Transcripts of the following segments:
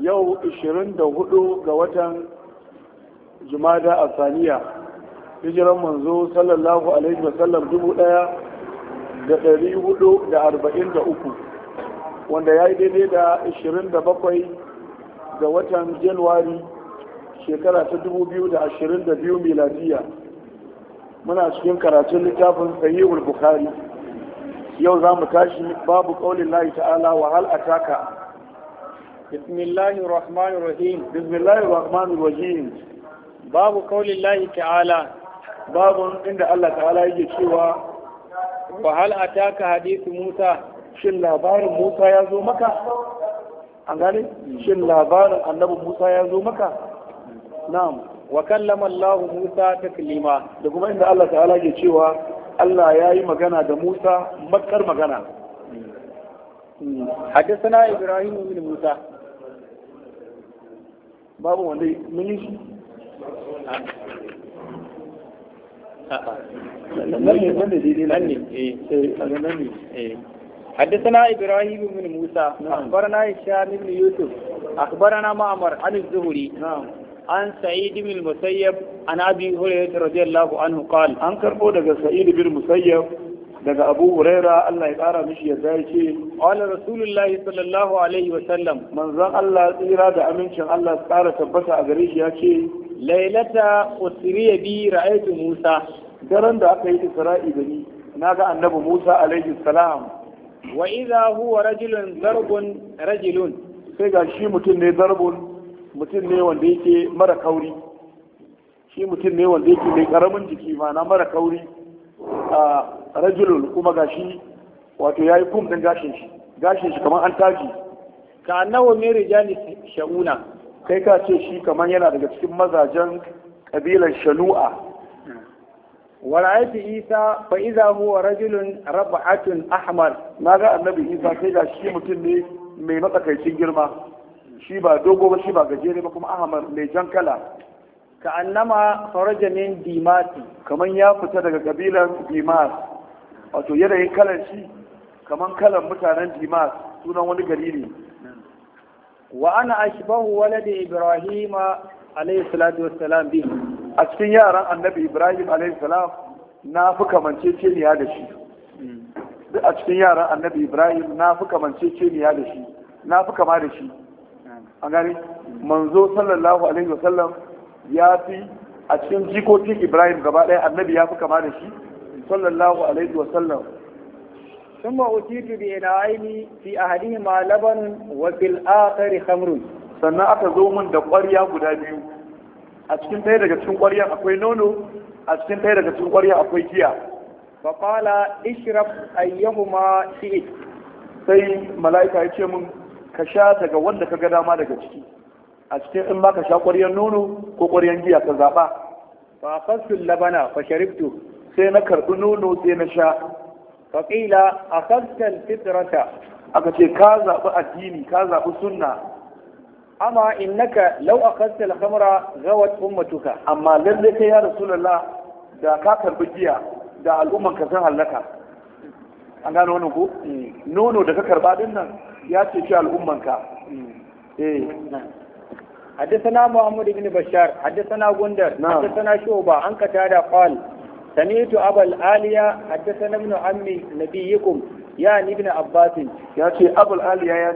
yau 24 ga watan jumada a saniya hijiran manzo sallallahu alaihi wasallam dubu daya da dari hudu da arba'in da uku wanda ya yi daidai da 27 ga watan januwari shekara ta 2022 miladiya muna cikin karatun littafin sahihul bukhari yau za mu tashi babu ƙaunin layi ta'ala wa hal a taka bismillahi rahmanu rahim bismillahi rahmanu rahim babu ƙaunin layi ta'ala babu inda Allah ta'ala yake cewa wa hal a taka hadithu musa shin labarin musa ya zo maka an gane shin labarin annabi musa ya zo maka na'am wa kallama Allah Musa taklima da kuma inda Allah ta'ala ke cewa Allah ya yi magana da Musa matkar magana. Haddasana Ibrahim bin Musa. Babu wanda mun yi shi? حدثنا ابراهيم بن موسى اخبرنا هشام بن يوسف اخبرنا معمر عن الزهري an sa'id bin Musayyaf an abi hurairah radiyallahu anhu qal an karbo daga sa'id bin musayyab daga abu huraira Allah ya kara mishi ya zai ce qala rasulullah sallallahu alaihi wa sallam manzon Allah tsira da amincin Allah ya kara tabbata a gare shi ya ce lailata ya bi ra'aytu musa daren da aka yi isra'i gani naga annabi musa alaihi salam wa idha huwa rajulun darbun rajulun sai ga shi mutum ne darbun mutum ne wanda yake mara kauri shi mutum ne wanda yake mai karamin jiki mana mara kauri a rajulul kuma gashi wato ya yi kum ɗin gashin shi gashin shi kamar an taji ka annahu mere jani sha'una kai ka ce shi kamar yana daga cikin mazajen kabilar shanu'a wa ra'aytu isa fa idza huwa rajulun rab'atun ahmar ga annabi isa sai ga shi mutum ne mai matsakaicin girma shi ba dogo ba shi ba gajere ba kuma ahmar mai jan kala ka annama faraja min dimati Kamar ya fita daga kabilan dimas wato yanayin kalan shi kaman kalan mutanen dimas sunan wani gari ne wa ana ashbahu waladi ibrahima alayhi salatu wassalam bi a cikin yaran annabi ibrahim alayhi salam na fi kamanceceniya da shi hmm. a cikin yaran annabi ibrahim na fi kamanceceniya da shi na fi kama da shi an gane manzo sallallahu alaihi sallam, ya fi a cikin jikokin ibrahim gaba ɗaya annabi ya fi kama da shi sallallahu alaihi wa sallam. wasallam ثم أتيت بإنعين في أحدهما لبن وفي الآخر خمر sannan aka zo min da ƙwarya guda biyu a cikin ɗaya daga cikin ƙwarya akwai nono a cikin ɗaya daga cikin ƙwarya akwai giya fa qala ishrab ayyuhuma shi'it sai mala'ika ya ce min ka sha daga wanda ka ga dama daga ciki a cikin in ba ka sha ƙwaryar nono ko ƙwaryar giya ka zaɓa fa kasul labana fa sharibtu sai na karɓi nono sai na sha fa qila akhadta fitrata aka ce ka zaɓi addini ka zaɓi sunna amma innaka law akhadta al-khamra ghawat ummatuka amma lalle kai ya rasulullah da ka karɓi giya da al'umman ka san hallaka an gano wani ko nono da ka karba din nan ya ce shi al'ummanka eh حدثنا محمد بن بشار حدثنا غندر حدثنا شعبة عن قتادة قال سمعت أبا الآلية حدثنا ابن عمي نبيكم يعني ابن عباس يا شي أبو الآلية يا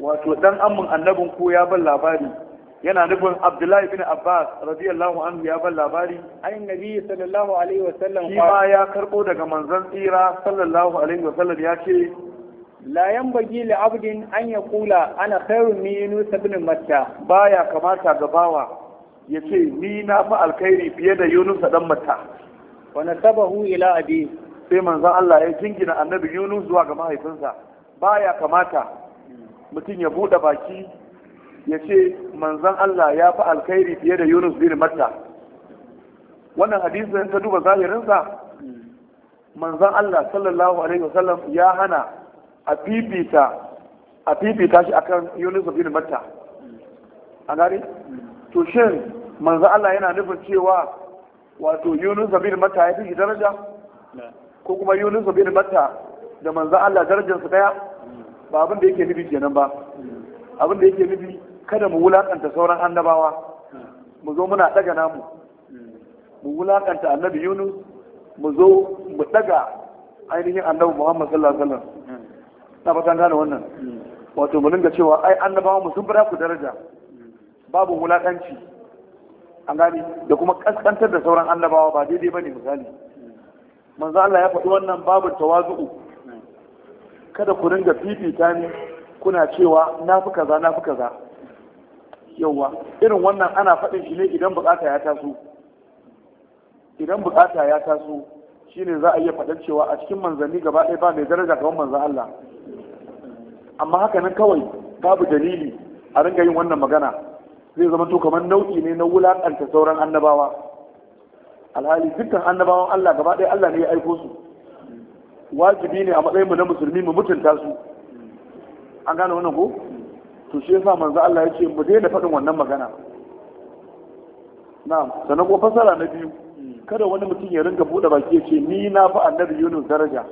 wato وتدن أمن النبي يا بل labari? yana nufin abdullahi bin abbas radiyallahu anhu ya bar labari ayin nabi sallallahu alaihi wa sallam shi ma ya karbo daga manzon tsira sallallahu alaihi wa sallam ya ce la yanbaghi li abdin an yaqula ana khairun min yunus ibn matta baya kamata ga bawa ya ce ni na fi alkhairi fiye da yunus dan matta wa nasabahu ila abi sai manzon Allah ya jingina annabi yunus zuwa ga mahaifinsa baya kamata mutum ya bude baki ya ce manzan Allah ya fi alkhairi fiye da Yunus bin Matta wannan hadisin ta duba zahirinsa manzan Allah sallallahu alaihi wasallam ya hana a fifita a fifita shi akan Yunus bin Matta a gari to shin manzan Allah yana nufin cewa wato Yunus bin Matta ya fi daraja ko kuma Yunus bin Matta da manzan Allah darajarsa daya ba abin da yake nufi kenan ba abin da yake nufi kada mu wulakanta sauran annabawa mu zo muna daga namu mu wulakanta annabi yunus mu zo mu daga ainihin annabi muhammad sallallahu alaihi wasallam na fatan gane wannan wato mu dinga cewa ai annabawa mu sun fara ku daraja babu wulakanci an gani da kuma kaskantar da sauran annabawa ba daidai bane misali manzo Allah ya faɗi wannan babu tawazu'u kada ku dinga fifita ni kuna cewa na fi kaza na fi kaza yauwa irin wannan ana faɗin shi ne idan bukata ya taso idan bukata ya taso shine za a iya faɗan cewa a cikin manzanni gaba ɗaya ba mai daraja kamar manzan Allah amma haka nan kawai babu dalili a ringa yin wannan magana zai zama to kamar nau'i ne na wulaƙanta sauran annabawa alhali dukkan annabawan Allah gaba ɗaya Allah ne ya aiko su wajibi ne a matsayin mu na musulmi mu mutunta su an gane wannan ko to shi yasa manzo Allah ya ce mu daina faɗin wannan magana na'am sanan ko fasara na biyu kada wani mutum ya ringa buɗe baki ya ce ni na fi annabi Yunus daraja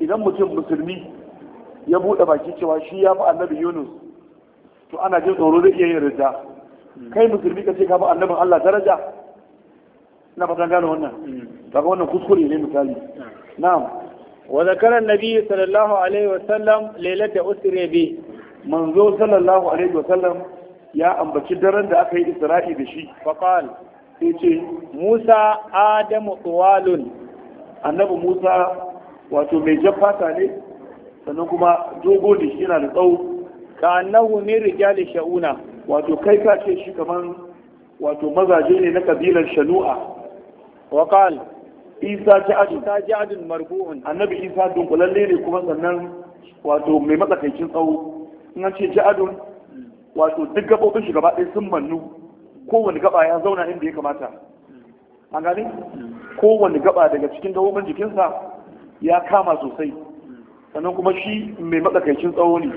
idan mutum musulmi ya buɗe baki cewa shi ya fi annabi Yunus to ana jin tsoro zai iya yin rida kai musulmi ka ce ka fi annabin Allah daraja na fatan gane wannan daga wannan kuskure ne misali na'am wa zakara annabi sallallahu alaihi wasallam lailata usri bi manzo sallallahu alaihi wa sallam, ya ambaci daren da aka yi isra'i da shi faqal sai ce Musa Adamu tuwalun annabi Musa wato mai jaffata ne sannan kuma dogo da shi yana da tsawo ka annahu ne rijali sha'una wato kai ka ce shi kaman wato mazaje ne na kabilar shanu'a wa qal Isa aji ta ja'ad marbu'un annabi Isa dunkulalle ne kuma sannan wato mai matsakaicin tsawo in an ce ja'adun wato duk gabobin shi gaba sun mannu kowane gaba ya zauna inda ya kamata an gane kowane gaba daga cikin gabobin jikinsa ya kama sosai sannan kuma shi mai matsakaicin tsawo ne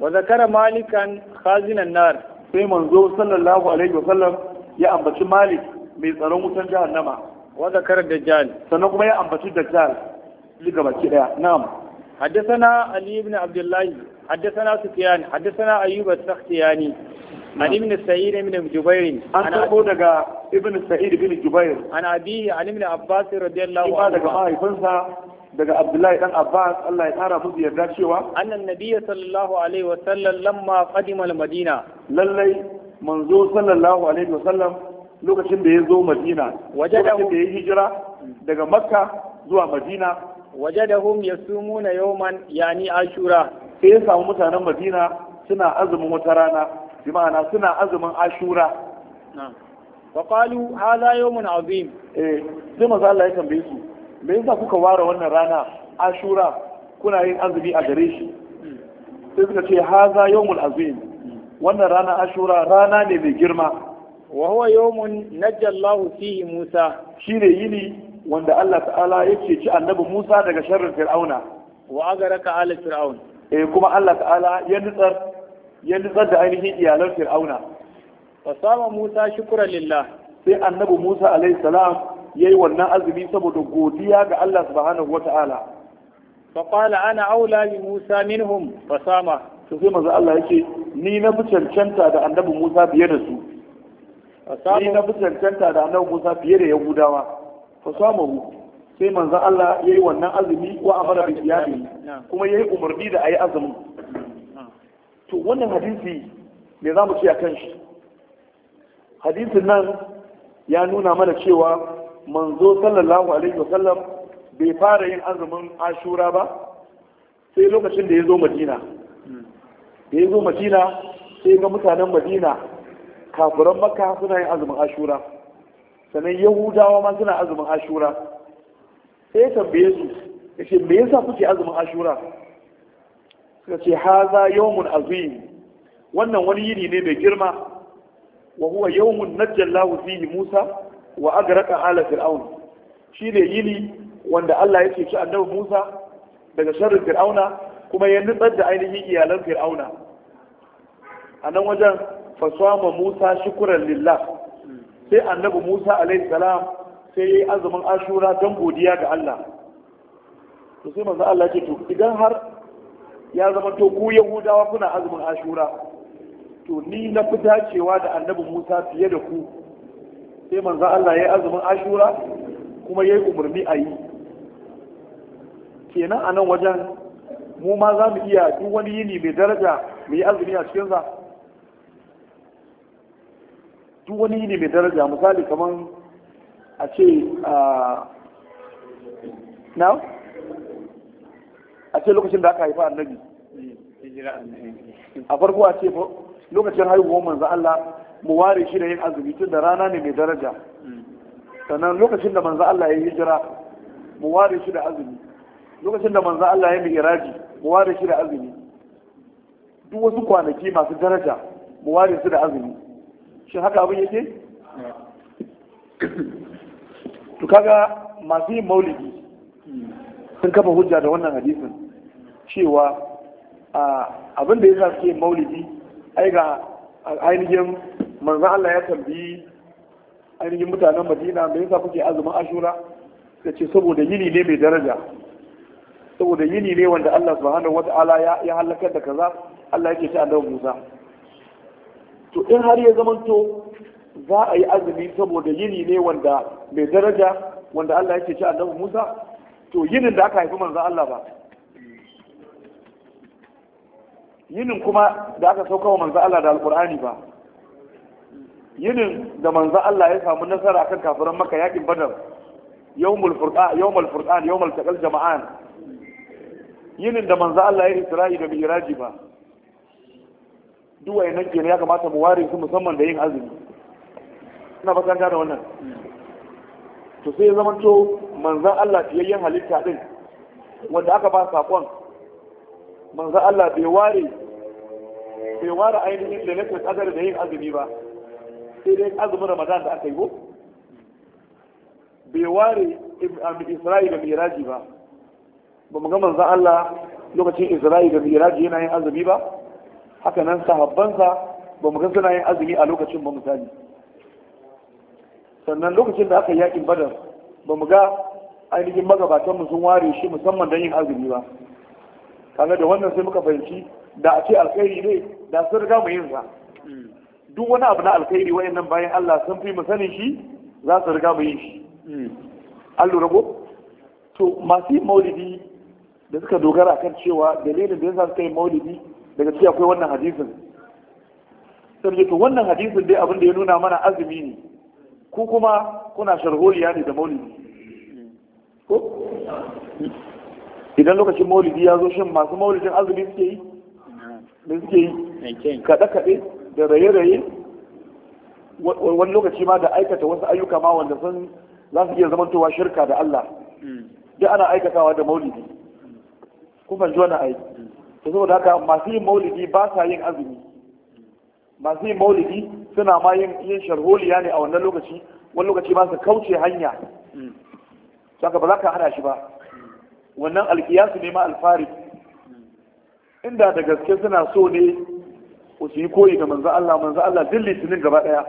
wa zakara malikan khazinan nar sai manzo sallallahu alaihi wa sallam ya ambaci malik mai tsaron wutan jahannama wa zakara dajjal sannan kuma ya ambaci dajjal duka baki daya na'am حدثنا علي بن عبد الله حدثنا سفيان حدثنا ايوب السختياني عن ابن سعيد بن جبير عن ابن سعيد بن جبير عن ابي عن ابن عباس رضي الله عنه daga Abdullahi dan Abbas Allah ya tara musu yarda cewa annan nabiyyu sallallahu alaihi wa sallam lamma qadima al-Madina lallai manzo sallallahu alaihi wa sallam lokacin da ya zo Madina wajadahu da ya hijira daga Makka zuwa Madina wajadahum yasumuna yawman yani ashura sai ya samu mutanen madina suna azumin wata rana bi ma'ana suna azumin ashura fa qalu hadha yawmun azim eh sai manzo Allah ya tambaye su me yasa kuka ware wannan rana ashura kuna yin azumi a gare shi hmm. sai suka ce hadha yawmul azim hmm. wannan rana ashura rana ne mai girma wa huwa yawmun najjallahu fihi musa shine yini wanda Allah ta'ala ya ceci annabi Musa daga sharrin Fir'auna wa agaraka ala fir'aun eh kuma Allah ta'ala ya nutsar ya nutsar da ainihin iyalan Fir'auna fa sama Musa shukura lillah sai annabi Musa alaihi salam yayi wannan azumi saboda godiya ga Allah subhanahu wata'ala fa qala ana aula bi Musa minhum fa sama to sai manzo Allah yake ni na fi cancanta da annabi Musa fiye da su ni na fi cancanta da annabi Musa fiye da Yahudawa fa samahu sai manzon Allah yayi wannan azumi wa amara bi siyami kuma yayi umarni da ayi azumi to wannan hadisi me zamu ci akan shi hadisin nan ya nuna mana cewa manzo sallallahu alaihi wasallam bai fara yin azumin ashura ba sai lokacin da ya zo madina da ya madina sai ga mutanen madina kafiran makka suna yin azumin ashura sannan yahudawa ma suna azumin ashura sai ya tambaye su ya ce me yasa kuke azumin ashura suka ce haza yawmun azim wannan wani yini ne mai girma wa huwa yawmun najjallahu fihi musa wa Agraka, ala fir'aun shine yini wanda Allah ya ceci annabi musa daga sharrin fir'auna kuma ya nutsar da ainihin iyalan fir'auna a nan wajen fasama musa shukuran lillah sai annabi Musa alaihi salam sai yi azumin Ashura don godiya ga Allah to sai manzo Allah ce to idan har ya zama to ku Yahudawa kuna azumin Ashura to ni na fi dacewa da annabi Musa fiye da ku sai manzo Allah yi azumin Ashura kuma yayi umarni a yi kenan a nan wajen mu ma za mu iya duk wani yini mai daraja mu yi azumi a cikinsa duk wani yi ne mai daraja misali kamar a ce na a ce lokacin da aka haifa annabi a farko a ce lokacin haihuwar manzo Allah mu ware shi da yin azumi tun da rana ne mai daraja sannan lokacin da manzo Allah ya yi hijira mu ware shi da azumi lokacin da manzo Allah ya yi mi'raji mu ware shi da azumi duk wasu kwanaki masu daraja mu ware su da azumi shi haka abin yake to kaga masu yin maulidi sun kafa hujja da wannan hadisin cewa abin da yasa suke maulidi ai ga ainihin manzan Allah ya tambayi ainihin mutanen Madina me yasa kuke azumin Ashura da ce saboda yini ne mai daraja saboda yini ne wanda Allah wata ala ya halakar da kaza Allah yake ta annabi Musa to in har ya zamanto za a yi azumi saboda yini ne wanda mai daraja wanda Allah ya ci annabi Musa to yinin da aka haifi manzo Allah ba yinin kuma da aka sauka wa manzon Allah da alqur'ani ba yinin da manzo Allah ya samu nasara akan kafiran maka yakin badar yawmul furqan yawmul furqan yawmul taqal jama'an yinin da manzo Allah ya isra'i da mi'raji ba duk ke kenan ya kamata mu ware su musamman da yin azumi ina fatan gane wannan to sai zama to manzan Allah fiyayyen halitta din wanda aka ba sakon manzan Allah bai ware bai ware ainihin da nake kadar da yin azumi ba sai dai azumin Ramadan da aka yi ko bai ware Isra'i da Miraji ba ba mu ga manzan Allah lokacin Isra'i da Miraji yana yin azumi ba haka nan sahabbansa ba mu ga suna yin azumi a lokacin ba misali sannan lokacin da aka yi yakin badar ba mu ga ainihin magabatan mu sun ware shi musamman don yin azumi ba kaga da wannan sai muka fahimci da a ce alkhairi ne da sun riga mu yin sa duk wani abu na alkhairi wayannan bayan Allah sun fi mu sanin shi za su riga mu yin shi an lura ko to masu yin maulidi da suka dogara kan cewa dalilin da yasa suka yi maulidi daga ciki akwai wannan hadisin sai to wannan hadisin dai abin da ya nuna mana azumi ne ku kuma kuna sharholiya ne da maulidi ko idan lokacin maulidi ya zo shin masu maulidin azumi suke yi da suke yi kaɗe-kaɗe da raye-raye wani lokaci ma da aikata wasu ayyuka ma wanda sun za su iya zamantowa shirka da Allah hmm. duk ana aikatawa da maulidi kuma fahimci wannan aiki hmm. to saboda haka masu yin maulidi ba sa yin azumi masu yin maulidi suna ma yin yin sharholiya ne a wannan lokaci wani lokaci ba su kauce hanya saka ba za ka hana shi ba wannan alkiyasu ne ma alfari inda da gaske suna so ne ku su yi koyi da manzo Allah manzo Allah duk litinin gaba daya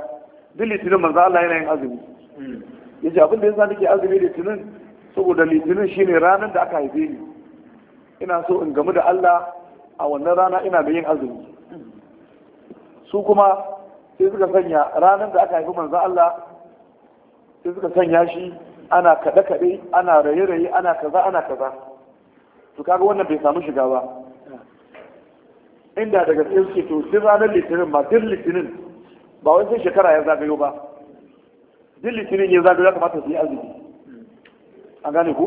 duk litinin manzo Allah yana yin azumi hmm. yace abin da yasa nake azumi litinin saboda litinin shine ranar da aka haife ni ina so in gamu da Allah a wannan rana ina da yin azumi su kuma sai suka sanya ranar da aka haifi manzan Allah sai suka sanya shi ana kaɗe-kaɗe ana raye-raye ana kaza ana kaza to kaga wannan bai samu shiga ba inda daga sai suke to duk ranar litinin ma, duk litinin ba wai sai shekara ya zagayo ba duk litinin ya zagayo ya kamata su yi azumi an gane ku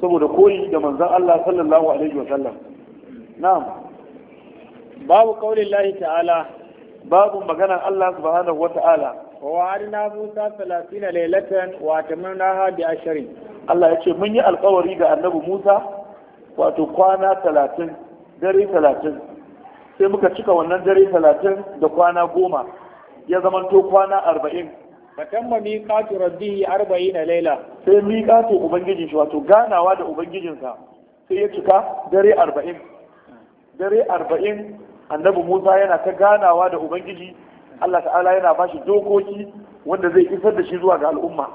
saboda koyi da manzan Allah sallallahu alaihi wa sallam na'am babu kaulin lahi ta'ala babu magana Allah subhanahu wa ta'ala wa wa'adna Musa 30 laylatan wa tamannaha bi ashrin Allah yace mun yi alkawari ga annabi Musa wato kwana 30 dare 30 sai muka cika wannan dare 30 da kwana goma ya zamanto kwana arba'in. fatamma miqatu rabbihi 40 laila sai miqatu ubangijin shi wato ganawa da ubangijinsa sai ya cika dare 40 dare 40 annabi Musa yana ta ganawa da ubangiji Allah ta'ala yana ba shi dokoki wanda zai isar da shi zuwa ga al'umma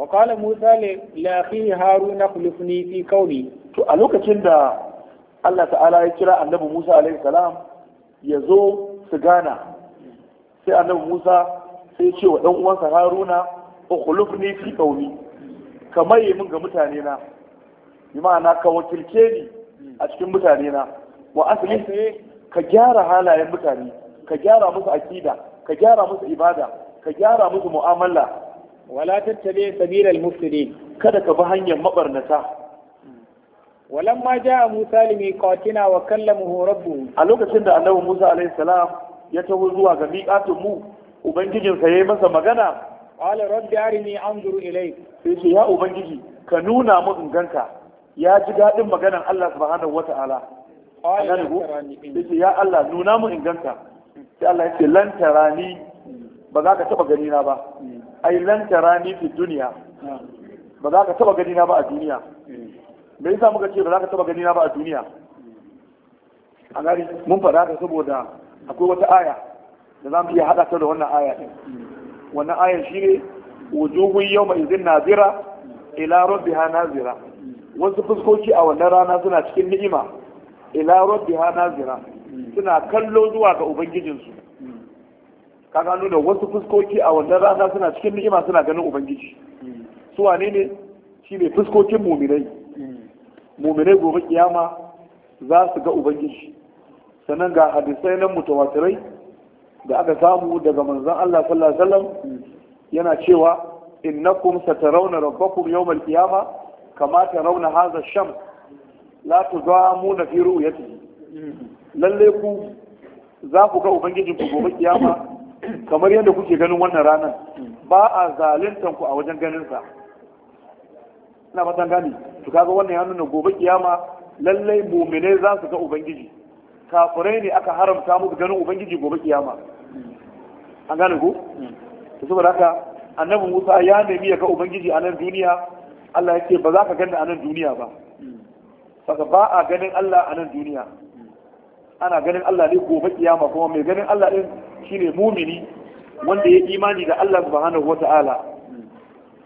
wa qala Musa li akhihi Harun akhlifni fi qawli to a lokacin da Allah ta'ala ya kira annabi Musa alaihi salam ya zo su gana sai annabi Musa sai ce wa ɗan uwansa haruna ni fi qaumi kamar maye min ga mutane na bi ma'ana ka wakilce ni a cikin mutane na wa asali sai ka gyara halayen mutane ka gyara musu akida ka gyara musu ibada ka gyara musu mu'amala wala tattabe sabiral mufsidin kada ka bi hanyar mabarnata Musa limi qatina wa kallamahu rabbuhu a lokacin da annabi Musa alayhi salam ya taho zuwa ga miqatu mu ubangijinsa ya yi masa magana qala rabbi arini anzuru ilayk sai ce ya ubangiji ka nuna mu in ganka ya ji daɗin maganan Allah subhanahu wata'ala qala sai ya Allah nuna mu in ganka sai Allah ya ce lan ba za ka taɓa ganina ba ai lan tarani fi duniya ba za ka taɓa ganina ba a duniya me yasa muka ce ba za ka taɓa ganina ba a duniya a gari mun faɗa ka saboda akwai wata aya da za mu iya haɗa ta da wannan aya ɗin wannan aya shi ne wujuhun yau mai izin nazira ila rabbiha nazira wasu fuskoki a wannan rana suna cikin ni'ima ila rabbiha nazira suna kallo zuwa ga ubangijinsu ka gano da wasu fuskoki a wannan rana suna cikin ni'ima suna ganin ubangiji su wane ne shi ne fuskokin muminai muminai gobe kiyama za su ga ubangiji sannan ga hadisai nan mutawatirai da aka samu daga manzon Allah sallallahu alaihi wasallam yana cewa innakum satarawna rabbakum yawmal qiyama kama tarawna hadha ash-shams la tuzamuna fi ciki. lalle ku za ku ga ubangijin ku gobe kiyama kamar yadda kuke ganin wannan ranar ba a zalintan ku a wajen ganin sa ina fatan gani to kaga wannan ya nuna gobe kiyama lalle mu'mine za su ga ubangiji kafirai ne aka haramta musu ganin ubangiji gobe kiyama an gane ku to saboda haka annabi Musa ya nemi ya ga ubangiji a nan duniya Allah ya ce ba za ka gani a nan duniya ba saka ba a ganin Allah a nan duniya ana ganin Allah ne gobe kiyama kuma mai ganin Allah din shine mumini wanda ya imani da Allah subhanahu wata'ala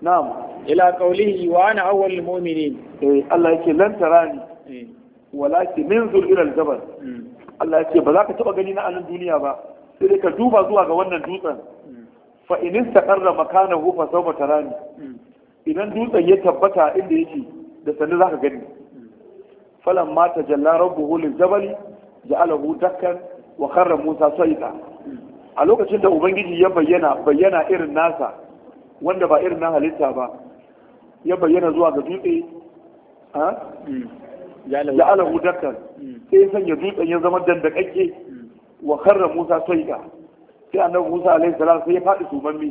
na'am ila qawlihi wa ana awwalul mu'minin eh Allah yake lan tarani eh. walaki min zulilal jabal Allah ba za ka taba gani na anan duniya ba sai dai ka duba zuwa ga wannan dutsen fa in istaqarra makanahu fa sawfa tarani idan dutsen ya tabbata inda yake da sanin zaka gani falan ma tajalla rabbuhu lil jabal ja'alahu dakkan wa kharra Musa sayda a lokacin da ubangiji ya bayyana bayyana irin nasa wanda ba irin na halitta ba ya bayyana zuwa ga dutse hmm. ja'alahu dakkan hmm. sai ya sanya dutsen ya zama dandakakke wa karra Musa soyika sai annabi Musa alaihi salam sai ya faɗi sumammi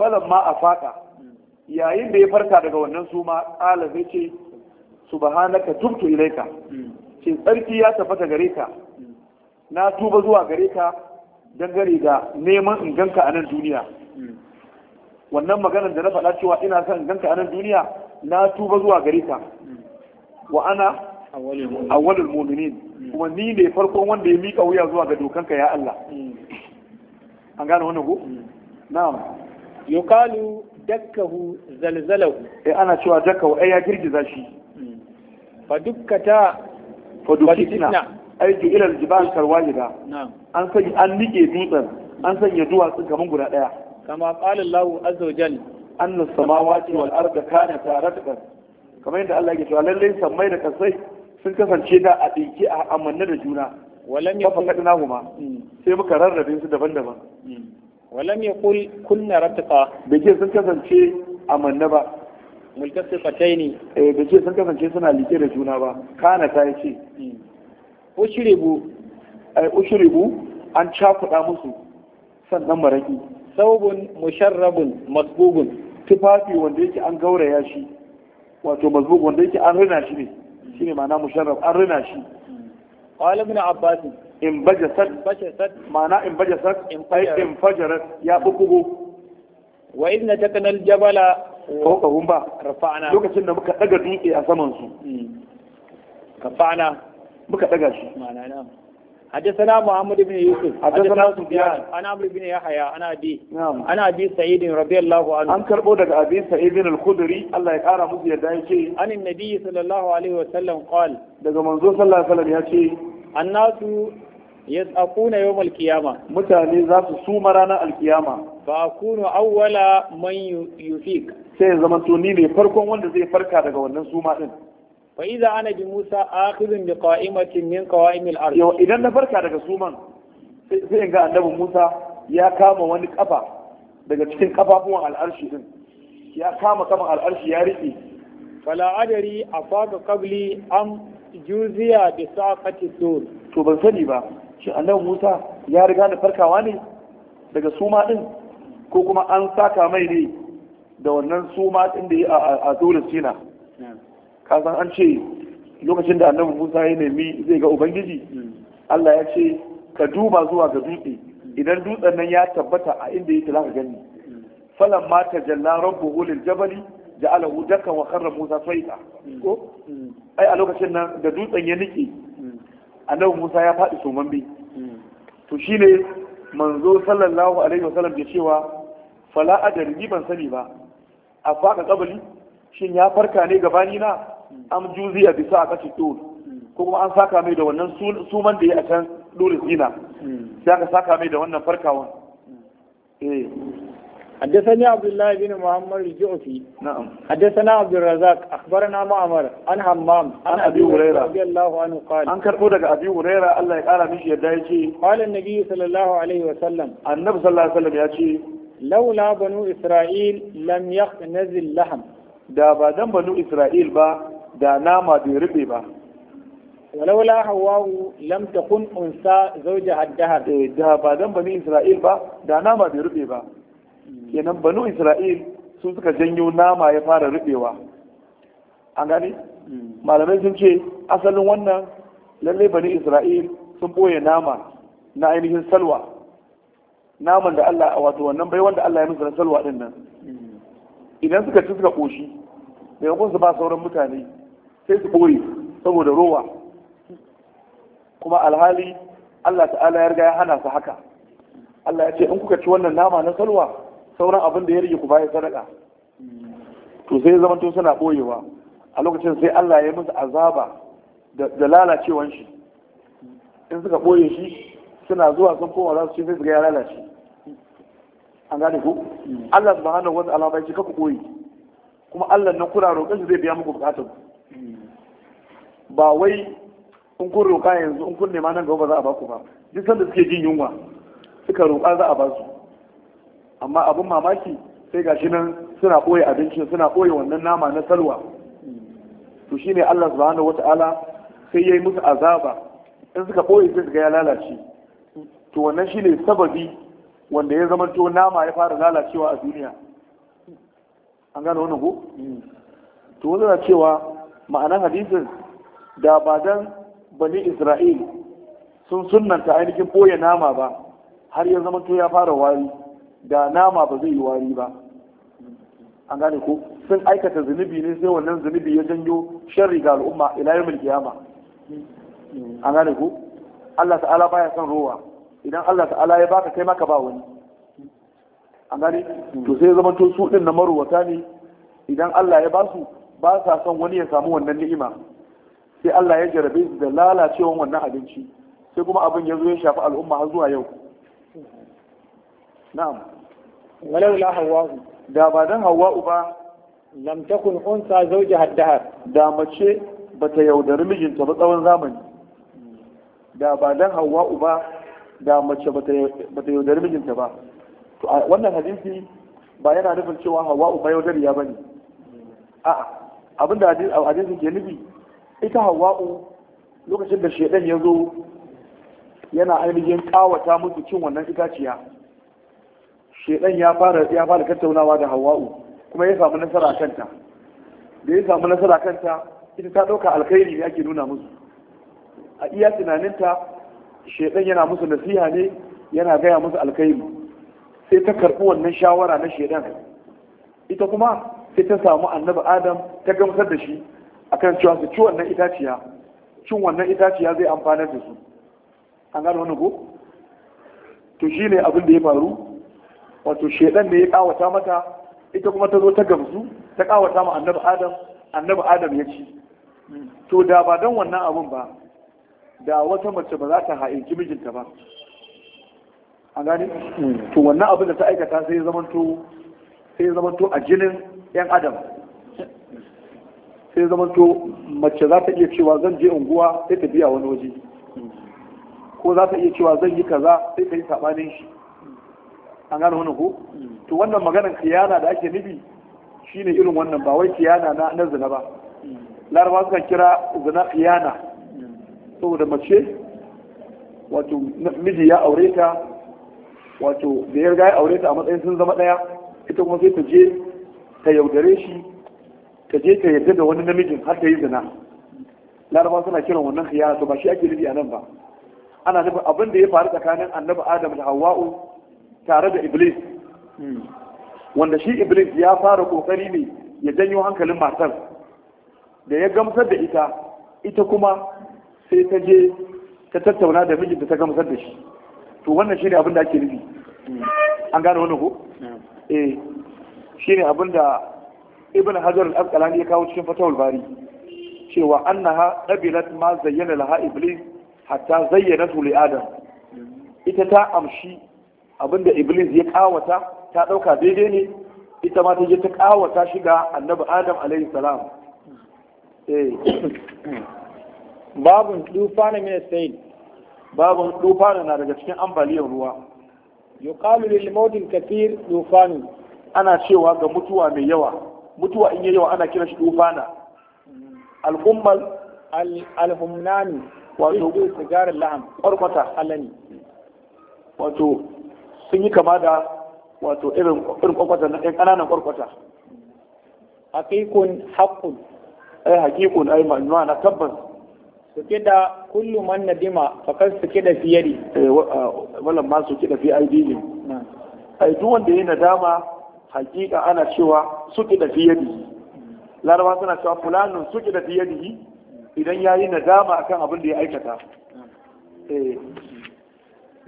falan ma a faɗa yayin da ya farka daga wannan suma ala sai ce subhanaka tubtu ilaika ce hmm. tsarki ya tafata gare ka hmm. na tuba zuwa gare ka dangare da neman in ganka a nan duniya wannan maganar da na faɗa cewa ina son in ganka a nan duniya na tuba zuwa gare ka wa ana awwalul mu'minin hmm. kuma ni ne farkon wanda ya mika wuya zuwa ga dokanka ya Allah hmm. an gane wannan ko hmm. na'am yuqalu dakkahu zalzalahu eh ana cewa dakkahu ai ya girgiza shi fa dukkata fa dukkatina ai ji ila aljibal karwajida na'am an sanya an nike dutsen an sanya duwatsu kaman guda daya kama qala Allahu azza wa jalla anna samawati wal arda kanata ratqan kamar yadda Allah ke cewa lallai sammai da kasai sun kasance da a dinki a amanna da juna walam yakun huma mm. sai muka rarrabe su daban-daban mm. walam yakul kunna ratqa bike sun kasance amanna ba multasifataini eh bike sun kasance suna like da juna ba kana ta yace mm. ushribu ay eh, ushribu an cakuɗa musu sannan maraki saubun musharrabun masbugun tufafi wanda yake an gauraya shi wato mazbuk wanda yake an rina shi ne shi ne ma'ana musharraf an rina shi qala ibn abbas in bajasat bajasat ma'ana in bajasat in fajarat in fajarat ya bukugo wa inna takana al-jabala fawqahum oh, oh, ba rafa'na lokacin da muka daga dutse a saman su hmm. rafa'na muka daga shi ma'ana حدثنا محمد بن يوسف حدثنا سفيان عن عمرو بن يحيى عن ابي نعم عن ابي سعيد رضي الله عنه عن كربو daga ابي سعيد الخدري الله يقرا musu yadda yake عن النبي صلى الله عليه وسلم قال daga manzo sallallahu alaihi wasallam yace annasu yasquna yawm alqiyama mutane za su suma ranar alqiyama fa kunu awwala man yufik sai zaman to ni ne farkon wanda zai farka daga wannan suma din fa idza ana bi musa akhidun bi qa'imatin min qawa'imil ard yau idan na farka daga suman sai in ga annabi musa ya kama wani kafa daga cikin kafafuwan al'arshi din ya kama kama al'arshi ya rike fala adari afaqa qabli am juziya bi saqati sur to ban sani ba shi annabi musa ya riga da farkawa ne daga suma din ko kuma an saka mai ne da wannan suma din da ya a dole sina ka san an ce lokacin da annabi Musa ya nemi zai ga ubangiji Allah ya ce ka duba zuwa ga dutse idan dutsen nan ya tabbata a inda yake za ka gani falan ma jalla rabbuhu lil jabali ja'alahu dakan wa kharra Musa sayda ko ai a lokacin nan da dutsen ya nike annabi Musa ya faɗi somambe to shine manzo sallallahu alaihi wasallam ya cewa fala adari ban sani ba a faka kabali shin ya farka ne gabani na am juziya bisa a kashi ko kuma an saka mai da wannan suman da ya a kan dole zina sai aka saka mai da wannan farkawan eh haddathani abdullahi bin muhammad al-jufi na'am haddathana abdurrazzaq akhbarana ma'mar an hammam an abi hurayra radiyallahu anhu qala an karbo daga abi hurayra Allah ya kara mishi yadda yace qala an-nabi sallallahu alaihi wa sallam annabi sallallahu alaihi wa sallam ya ce. laula banu isra'il lam yaqnazil laham da ba dan banu isra'il ba da nama bai rube ba walaula hawawu lam takun unsa zauja haddaha eh, da ba dan bani isra'il ba da nama bai rube ba kenan banu isra'il sun suka janyo nama ya fara rubewa an gani hmm. malamai sun ce asalin wannan lalle bani isra'il sun boye nama na ainihin salwa naman da Allah a wato wannan bai wanda Allah ya musu na salwa din nan hmm. idan suka ci suka koshi maimakon su ba sauran mutane sai su ɓoye saboda rowa kuma alhali Allah ta'ala ya riga ya hana su haka Allah ya ce in kuka ci wannan nama na salwa sauran abin da ya rage ku baya sadaka to sai zama zamanto suna ɓoyewa a lokacin sai Allah ya musu azaba da lalacewan shi in suka ɓoye shi suna zuwa sun koma za su ce sai su ga ya lalace an gane ku hmm. Allah subhanahu wa ta'ala bai ce ka ku ɓoye kuma Allah nan kuna roƙon shi zai biya muku bukatar ku ba wai in kun roƙa yanzu in kun nema nan gaba ba za a baku ba duk sanda suke jin yunwa suka roƙa za a ba su amma abin mamaki sai gashi nan suna ɓoye abincin suna ɓoye wannan nama na salwa to shine Allah subhanahu wata'ala sai yayi musu azaba in suka ɓoye sai ga ya lalace to wannan shine sababi wanda ya zama to nama ya fara lalacewa a duniya an gane wannan ko hmm. to wanda cewa ma'anar hadisin da ba don bani isra'il sun sunanta ainihin boye nama ba har ya zama to ya fara wari da nama ba zai yi wari ba an gane ko sun aikata zunubi ne sai wannan zunubi ya janyo sharri ga al'umma ila yawmil qiyama an gane ko Allah ta'ala baya son rowa idan Allah ta'ala ya baka kai maka ba wani an gane to sai zama to su din na maruwata ne idan Allah ya basu ba sa son wani ya samu wannan ni'ima sai Allah ya jarabe su da lalacewan wannan abinci sai kuma abin ya zo ya shafi al'umma har zuwa yau na'am walau la hawa'u da ba dan hawa'u ba lam takun unsa zawjaha dahar da mace bata yaudari mijinta ba tsawon zamani da ba dan hawa'u ba da mace bata yaudari mijinta ba to wannan hadisi ba yana nufin cewa hawa'u ba yaudariya bane a'a abinda hadisi ke nufi ita hawa'u lokacin da shaidan ya zo yana ainihin kawata musu cin wannan itaciya shaidan ya fara ya fara tattaunawa da hawa'u kuma ya samu nasara kanta da ya samu nasara kanta ita ta ɗauka alkhairi ne ake nuna musu a iya tunaninta shaidan yana musu nasiha ne yana gaya musu alkhairi sai ta karɓi wannan shawara na shaidan ita kuma sai ta samu annabi adam ta gamsar da shi akan cewa su ci wannan itaciya cin wannan itaciya zai amfana da su an gano wani ko to shi ne abin da ya faru wato shaidan ne ya kawata mata ita kuma ta zo ta gamsu ta kawata ma annabi adam annabi adam ya ci to da ba don wannan abin ba da wata mace ba za ta ha'inci mijinta ba an gane hmm. to wannan abin da ta aikata sai ya zamanto sai ya zamanto a jinin yan adam sai to mace za ta iya cewa zan je unguwa sai ta biya wani waje ko za ta iya cewa zan yi kaza sai ta yi sabanin shi an gane wani ko to wannan maganar kiyana da ake nufi shine irin wannan ba wai kiyana na na zina ba larabawa sukan kira zina kiyana saboda mace wato miji ya aure ta wato da ya riga ya aure ta a matsayin sun zama daya ita kuma sai ta je ta yaudare shi ka je ka yarda da wani namijin har ka yi zina larabawa suna kiran wannan khiyana to ba shi ake nufi a nan ba ana nufin abin da ya faru tsakanin annabi adam da hawa'u tare da iblis hmm. wanda shi iblis ya fara kokari ne ya janyo hankalin matar da ya gamsar da ita ita kuma sai ta je ta tattauna da mijinta ta gamsar da shi to wannan ne abin da ake nufi hmm. an gane wannan ko hmm. eh ne abin da ibn hajar al-asqalani ya kawo cikin fatawul bari cewa annaha qabilat ma zayyana laha iblis hatta zayyana li adam ita ta amshi abinda iblis ya kawata ta dauka daidai ne ita ma ta je ta kawata shi ga annabi adam alayhi salam eh babun dufana min sayyid babun dufana na daga cikin ambaliyar ruwa yuqalu lil mawdin kathir dufanu ana cewa ga mutuwa mai yawa mutuwa in yi yawa ana kira shi tufana al-ummal al-humnani wato sigarar la'am kwarkwata alani wato sun yi kama da wato irin kwarkwata na ɗan ƙananan kwarkwata haƙiƙun haƙƙun ai haƙiƙun ai na tabbas suke da kullum man dima fakar suke da fiye eh, ne wallan ma suke da fi aidihim ai duk wanda ya nadama hakika ana cewa suke da fiye da larabawa suna cewa fulanin suke da fiye idan ya yi na nadama akan abin da ya aikata eh.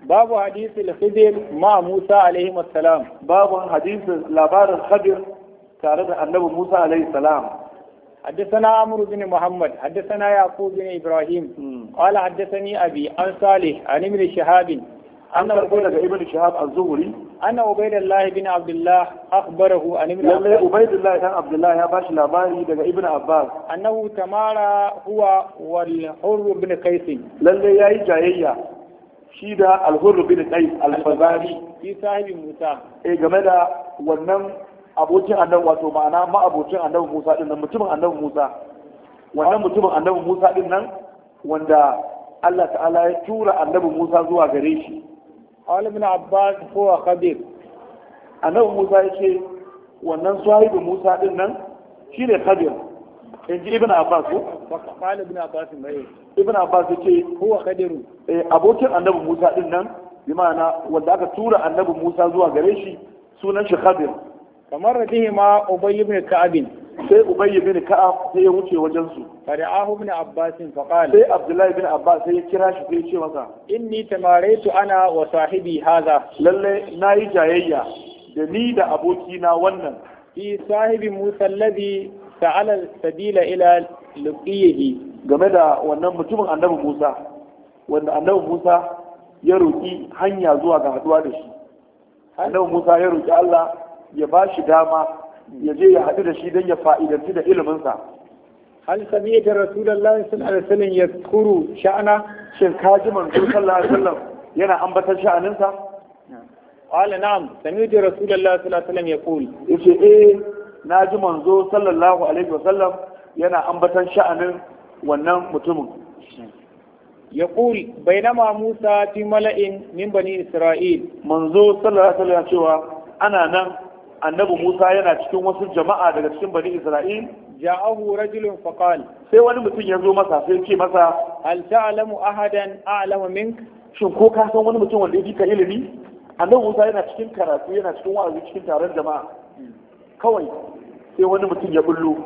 babu hadisul khidir ma Musa alaihi salam babu hadisi labarin khadir tare da annabi Musa alaihi salam حدثنا عمرو بن محمد حدثنا يعقوب بن ابراهيم قال حدثني ابي عن صالح عن ابن شهاب عن رسول ابن شهاب الزهري ana ubaidullah bin abdullah akhbarahu an ibn lalle ubaidullah dan abdullah ya bashi labari daga ibn abbas annahu tamara huwa wal hurr bin qais lalle yayi jayayya shi da al hurr bin qais al fazari shi sahibi musa eh game da wannan abokin annabi wato ma'ana ma abokin musa din mutumin annabi musa wannan ah. mutumin annabi musa din wanda Allah ta'ala ya tura annabi Musa zuwa gare shi قال ابن عباس هو خبير musa ya ce wannan sahibu Musa din nan shi ne Khadir in ji Ibn Abbas ko qala Ibn Abbas mai Ibn Abbas yace abokin Annabi Musa din nan bi ma'ana wanda aka tura Annabi Musa zuwa gare shi sunan shi Khadir kamar rabihi ma ubay ibn ka'ab sai ubay ibn ka'ab sai ya wuce wajen su fara'ahu ibn abbas fa qala sai abdullahi ibn abbas sai ya kira shi sai ya ce masa inni tamaraitu ana wa sahibi hadha lalle nayi jayayya da ni da abokina wannan fi sahibi musa alladhi sa'ala sabila ila luqiyihi game da wannan mutumin annabi musa wanda annabi musa ya roki hanya zuwa ga haduwa da shi annabi musa ya roki Allah ya ba shi dama ya je ya haɗu da shi don ya fa'idanci da iliminsa hal sami da rasulallah sallallahu alaihi wasallam ya kuru sha'ana shin ka ji manzo sallallahu alaihi wasallam yana ambatar sha'aninsa qala na'am sami da rasulullah sallallahu alaihi wasallam ya kulu yace eh na ji manzo sallallahu alaihi wasallam yana ambatar sha'anin wannan mutumin يقول بينما موسى في ملأ من بني إسرائيل منذ صلى الله عليه وسلم أنا نم annabi Musa yana cikin wasu jama'a daga cikin bani Isra'il ja'ahu rajulun faqal sai wani mutum ya zo masa sai ce masa hal ta'lamu ahadan a'lamu mink shin ko ka san wani mutum wanda yake ka ilimi annabi Musa yana cikin karatu yana cikin wa'azi cikin taron jama'a kawai sai wani mutum ya bullo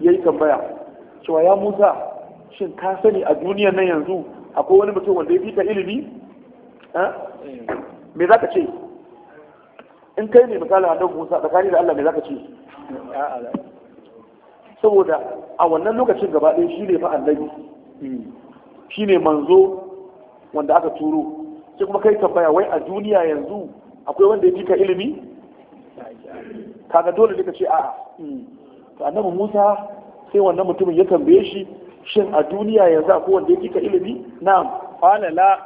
yayi tambaya cewa ya Musa shin ka sani a duniyar nan yanzu akwai wani mutum wanda yake ka ilimi eh, me za ka ce in kai ne misalin annabi Musa tsakani da Allah me zaka ce saboda a wannan lokacin gaba ɗaya shi ne fa annabi shi ne manzo wanda aka turo sai kuma kai tambaya wai a duniya yanzu akwai wanda ya fika ilimi kaga dole ne ka ce a'a to annabi Musa sai wannan mutumin ya tambaye shi shin a duniya yanzu akwai wanda ya fika ilimi na'am qala la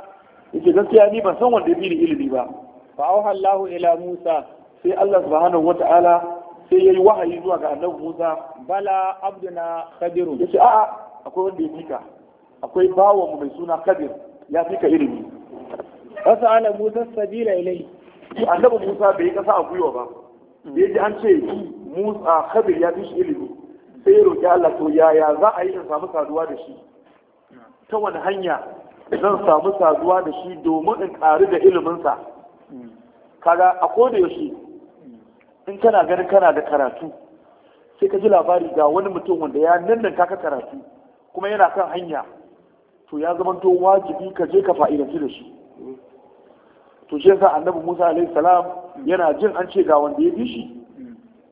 yake gaskiya ni ban san wanda ya fi ni ilimi ba fa auha Allahu ila Musa sai Allah subhanahu Ta'ala sai yayi wahayi zuwa ga annabi Musa bala abduna khadiru yace a'a akwai wanda ya fika akwai bawo mu mai suna Kabir ya fika ilimi fasa ala Musa sabila ilai annabi Musa bai kasa a gwiwa ba ji an ce Musa Kabir ya fi shi ilimi sai ya roki Allah to yaya za a yi in samu saduwa da shi ta wani hanya zan samu saduwa da shi domin in ƙari da iliminsa kaga a koda yaushe in kana ganin kana da karatu sai ka ji labari ga wani mutum wanda ya nannan ka karatu kuma yana kan hanya to ya zama to wajibi ka je ka fa'idanci da shi to shi yasa annabi Musa alaihi salam yana jin an ce ga wanda ya bi shi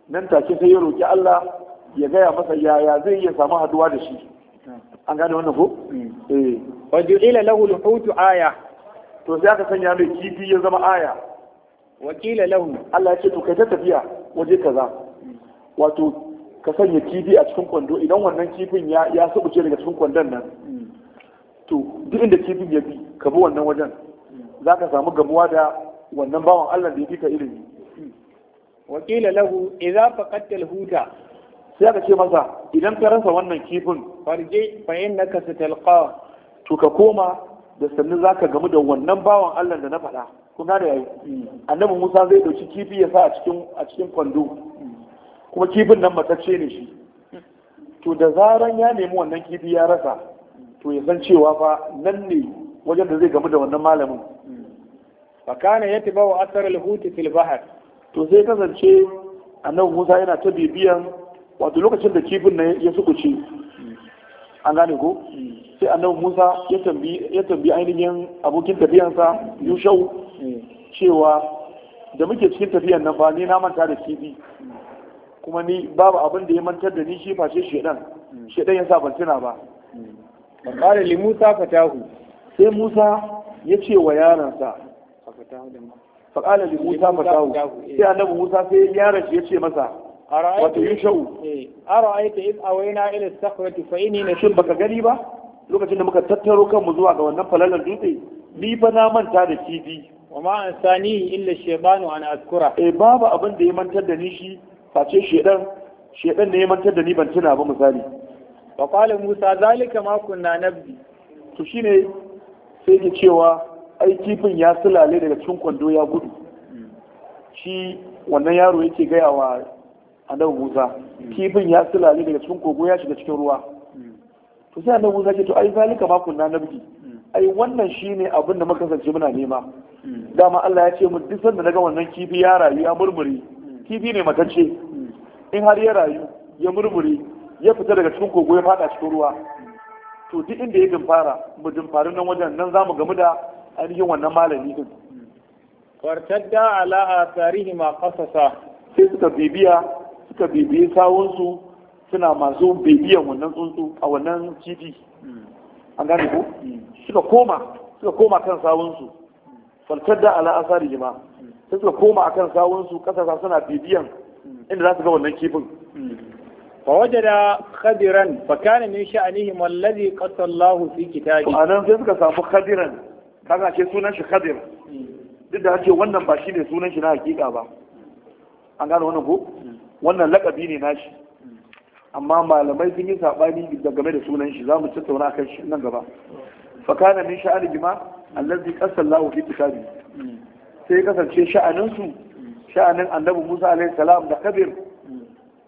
nan take sai ya roki Allah ya gaya masa yaya zai iya samu haduwa da shi an gane wannan ko hmm. eh wa ju'ila lahu al-hutu aya to sai aka sanya mai kifi ya zama aya wakila lahu Allah ya ce to kai ta tafiya waje kaza wato ka sanya kifi a cikin kwando idan wannan kifin ya ya subuce daga cikin kwandon nan to duk inda kifin ya bi ka bi wannan wajen za ka samu gamuwa da wannan bawan Allah da ya fika ilimi wakila lahu idza faqadta al-huta sai aka ce masa idan ka rasa wannan kifin farje fa innaka satalqa to ka koma da sannu za ka gamu da wannan bawan Allah da na faɗa kuma da yayi annabi Musa zai dauki kifi ya sa a cikin kwando kuma kifin nan matacce ne shi to da zaran ya nemi wannan kifi ya rasa to ya san cewa fa nan ne wajen da zai gamu da wannan malamin fa ya yatba'u athar al-hut fil to sai kasance annabi Musa yana ta bibiyan wato lokacin da kifin nan ya sukuce an gane ko sai annabi Musa ya tambayi ainihin abokin tafiyansa Yushau cewa da muke cikin tafiyan nan ba ni na manta da kibi kuma ni babu abin da ya mantar da ni shi face shedan shedan ya sa ban tuna ba makare li Musa fatahu sai Musa ya ce wa yaransa fatahu da Musa fatahu eh. sai annabi Musa sai yaron shi ya ce masa wato yin shau ara aita iz awaina ila sakrati fa inni na shin baka gani ba lokacin da muka tattaro kanmu zuwa ga wannan falalar dutse ni fa na manta da kifi wa ma ansani illa shaytanu an azkura eh babu abin da ya mantar da ni shi face shedan shedan ne ya mantar da ni ban tuna ba misali wa qala musa zalika ma kunna nabbi to shine sai ke cewa ai kifin ya sulale daga cikin kwando ya gudu shi wannan yaro yake gaya wa annabi Musa kifin ya sulale daga cikin kogo ya shiga cikin ruwa to sai annabi Musa ce to ai zalika ma kunna nabi ai wannan shine abin da muka kasance muna nema dama Allah ya ce mu duk sanda naga wannan kifi ya rayu ya murmure kifi ne matacce in har ya rayu ya murmure ya fita daga cikin kogo ya fada cikin ruwa to duk inda ya dimfara mu dimfarin nan wajen nan zamu gamu da ainihin wannan malami din fartadda ala ma qasasa sai suka bibiya suka bibiye sawunsu suna masu bibiyan wannan tsuntsu a wannan kifi an gane ko suka koma suka koma kan sawunsu faltar da ala asari ma sai suka koma akan sawunsu kasasa suna bibiyan inda za su ga wannan kifin فوجد خدرا فكان من شأنهم الذي قص الله في كتابه sai suka samu خدرا كان أشي سونا شي خدر duk da ake wannan ba shi ne sunan shi na hakika ba an gano wannan ko wannan lakabi ne nashi amma malamai sun yi saɓani game da sunan shi za mu tattauna akan shi nan gaba fakana min sha'ani bima allazi qasallahu fi kitabi sai kasance sha'anin su sha'anin annabi Musa alaihi salam da Kabir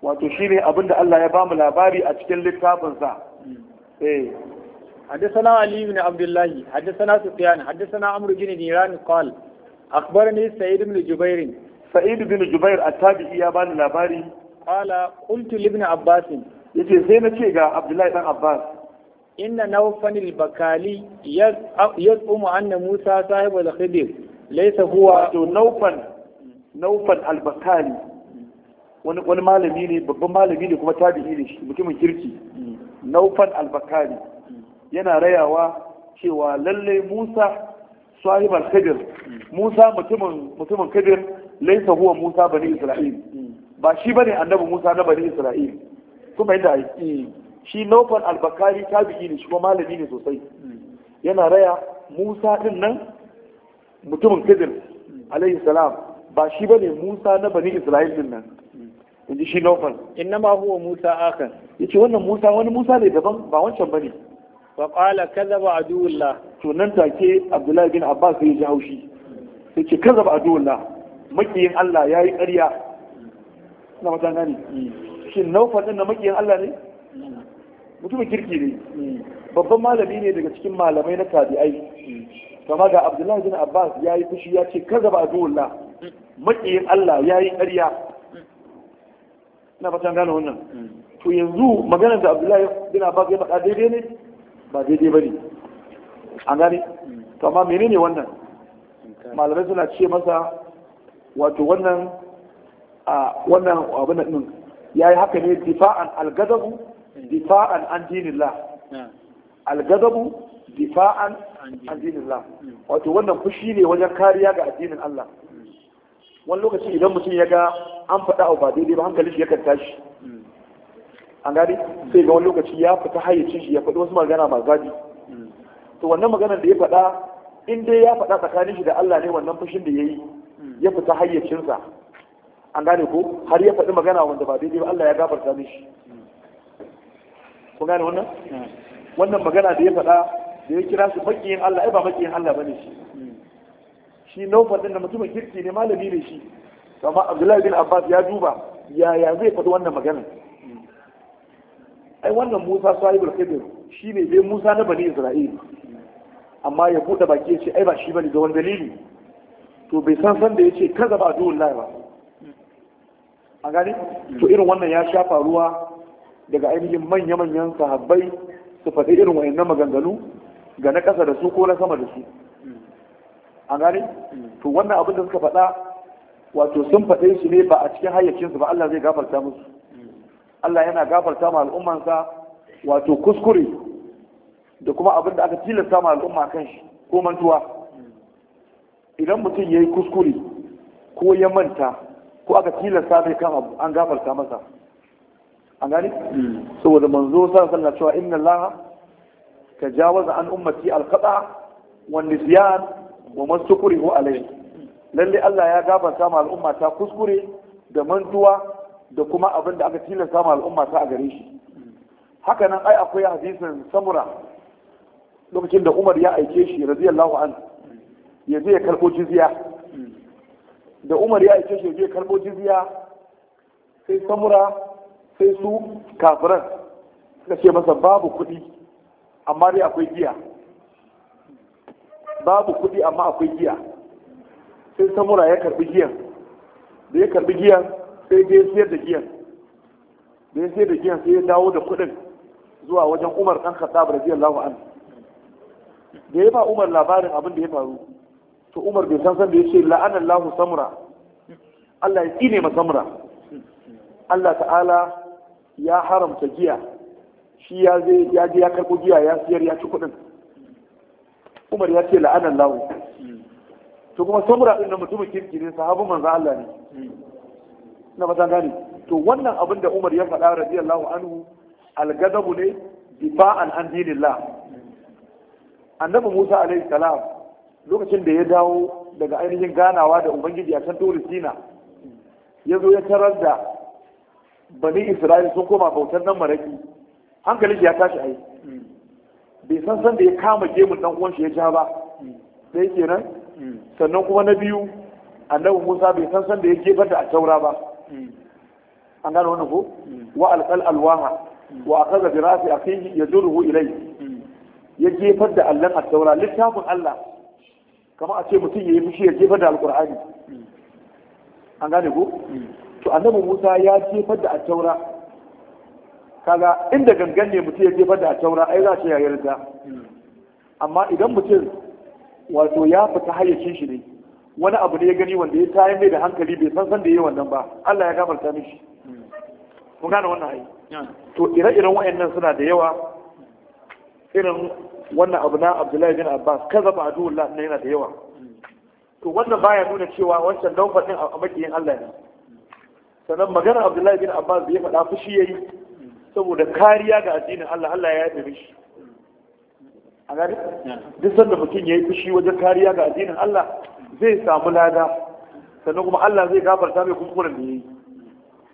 wato shine abin da Allah ya ba mu labari a cikin littafin sa eh حدثنا علي بن عبد الله حدثنا سفيان حدثنا عمرو بن نيران قال أخبرني سعيد بن جبير sa'id bin jubair التابعي tabii ya bani labari قلت لابن عباس يجي abbas yace sai na ce ga abdullahi dan abbas inna nawfan al-bakali yaz'umu anna musa sahibu نوفن khidir al wani malami ne babban malami ne kuma tabi'i ne mutumin kirki Naufan al yana rayawa cewa lalle musa sahib al musa mutumin kabir. laisa huwa Musa bani Isra'il ba shi bane annabi Musa na bani Isra'il kuma fahimta ai shi Nawfal al-Bakari tabi'i ne shi kuma malami ne sosai yana raya Musa din nan mutumin kadir. alayhi salam ba shi bane Musa na bani Isra'il din nan ji shi Nawfal ma huwa Musa akan yace wannan Musa wani Musa ne daban ba wancan bane fa qala kadhaba aduwullah to nan take Abdullahi bin Abbas ya ji haushi yace kadhaba aduwullah makiyin Allah ya yi ƙarya na matan gani mm. shin naufal ɗin na makiyin Allah ne mutumin kirki ne mm. babban malami ne daga cikin malamai na tabi'ai mm. kama ga abdullahi bin abbas ya yi fushi ya ce kaza ba zuwullah makiyin Allah ya yi ƙarya na fatan gane wannan to yanzu maganar da abdullahi bin abbas ya faɗa daidai ne ba daidai ba ne an gane to amma menene wannan malamai suna ce masa wato wannan a wannan abin da din yayi haka ne difa'an al-ghadabu eh. difa'an an dinillah eh. al-ghadabu difa'an an dinillah hmm. wato wannan fushi ne wajen kariya ga addinin Allah hmm. wani lokaci idan mutum ya ga an faɗa abu ba daidai ba hankali shi yakan tashi hmm. an gani sai ga wani lokaci ya fita hayyacin shi ya faɗi wasu magana masu zafi to wannan maganar da ya faɗa in dai ya faɗa tsakanin shi da Allah ne wannan fushin da ya yi ya fita hayyacinsa an gane ko har ya faɗi magana wanda ba daidai ba Allah ya gafarta mishi kun gane wannan wannan magana da ya faɗa da ya kira su makiyin Allah ai ba makiyin Allah bane shi shi naufal din da mutumin kirki ne malami ne shi amma Abdullahi bin Abbas ya duba yaya zai faɗi wannan magana ai wannan Musa sahibul khidir shi ne dai Musa na bani Isra'ila amma ya buɗe baki ya ce ai ba shi bane ga wani dalili to bai san san da ce kaza ba duhun lai ba a gani to irin wannan ya sha faruwa daga ainihin manya-manyan sahabbai su faɗi irin wayannan maganganu ga na ƙasa da su ko na sama da su a gani to wannan abin da suka faɗa wato sun faɗe su ne ba a cikin hayyacinsu ba Allah zai gafarta musu Allah yana gafarta ma al'ummansa wato kuskure da kuma abin da aka tilasta ma al'umma kan shi ko mantuwa idan mutum ya yi kuskure ko ya manta ko aka tilasta mai kan abu an gafarta masa an gani hmm. saboda manzo sa sanna cewa inna allaha jawaza an ummati alqata wan nisyan wa ko alai. lalle Allah ya gafarta ma al'umma kuskure da mantuwa da kuma abin da aka tilasta ma al'umma a gare shi hakanan ai akwai hadisin samura lokacin da Umar ya aike shi radiyallahu anhu ya je ya karɓo jizya da umar ya ce shi ya je ya karɓo jizya sai samura sai su kafiran suka ce masa babu kuɗi amma dai akwai giya babu kuɗi amma akwai giya sai samura ya karɓi giyan da ya karɓi giyan sai dai siyar da giyan da ya siyar da giyan sai ya dawo da kuɗin zuwa wajen umar ɗan khattab radiyallahu anhu da ya ba umar labarin abin da ya faru to umar bai san san da ya ce la'anar lahu samura allah ya tsine ma samura allah ta'ala ya haramta giya shi ya je ya karɓo giya ya siyar ya ci kuɗin umar ya ce la'an lahu to kuma samura ɗin na mutumin kirki ne sahabu manzo allah ne na ba gane to wannan abin da umar ya faɗa radiyallahu anhu algadabu ne difa'an an dinillah annabi musa alaihi salam lokacin da ya dawo daga ainihin ganawa da ubangiji a can tori sina ya zo ya tarar da bani isra'il sun koma bautar nan maraki hankalin ya tashi ai bai san san da ya kama gemun dan uwan shi ya ja ba sai kenan sannan kuma na biyu annabi Musa bai san san da ya gefar da taura ba an gano wannan ko wa alqal alwaha wa akhadha bi ra'si akhihi yajruhu ilayhi ya gefar da allan taura littafin Allah kama a ce mutum ya yi fushi ya jefar da alkur'ani an gane ko to annabi musa ya jefar da attaura kaga inda gangan ne mutum ya jefar da attaura ai za ce ya yarda amma idan mutum wato ya fita hayyacin shi ne wani abu ne ya gani wanda ya tayar mai da hankali bai san san da yi wannan ba Allah ya gafarta mishi kun gane wannan hayi to ire-iren wayannan suna da yawa irin wannan abu na abdullahi bin abbas kaza ba adu ne yana da yawa to wannan baya nuna cewa wancan daukar din a makiyin Allah ne sannan magana abdullahi bin abbas da ya faɗa fushi yayi saboda kariya ga addinin Allah Allah ya yabe shi a gari duk sanda mutum ya yi fushi wajen kariya ga addinin Allah zai samu lada sannan kuma Allah zai gafarta mai kuskuren da ya yi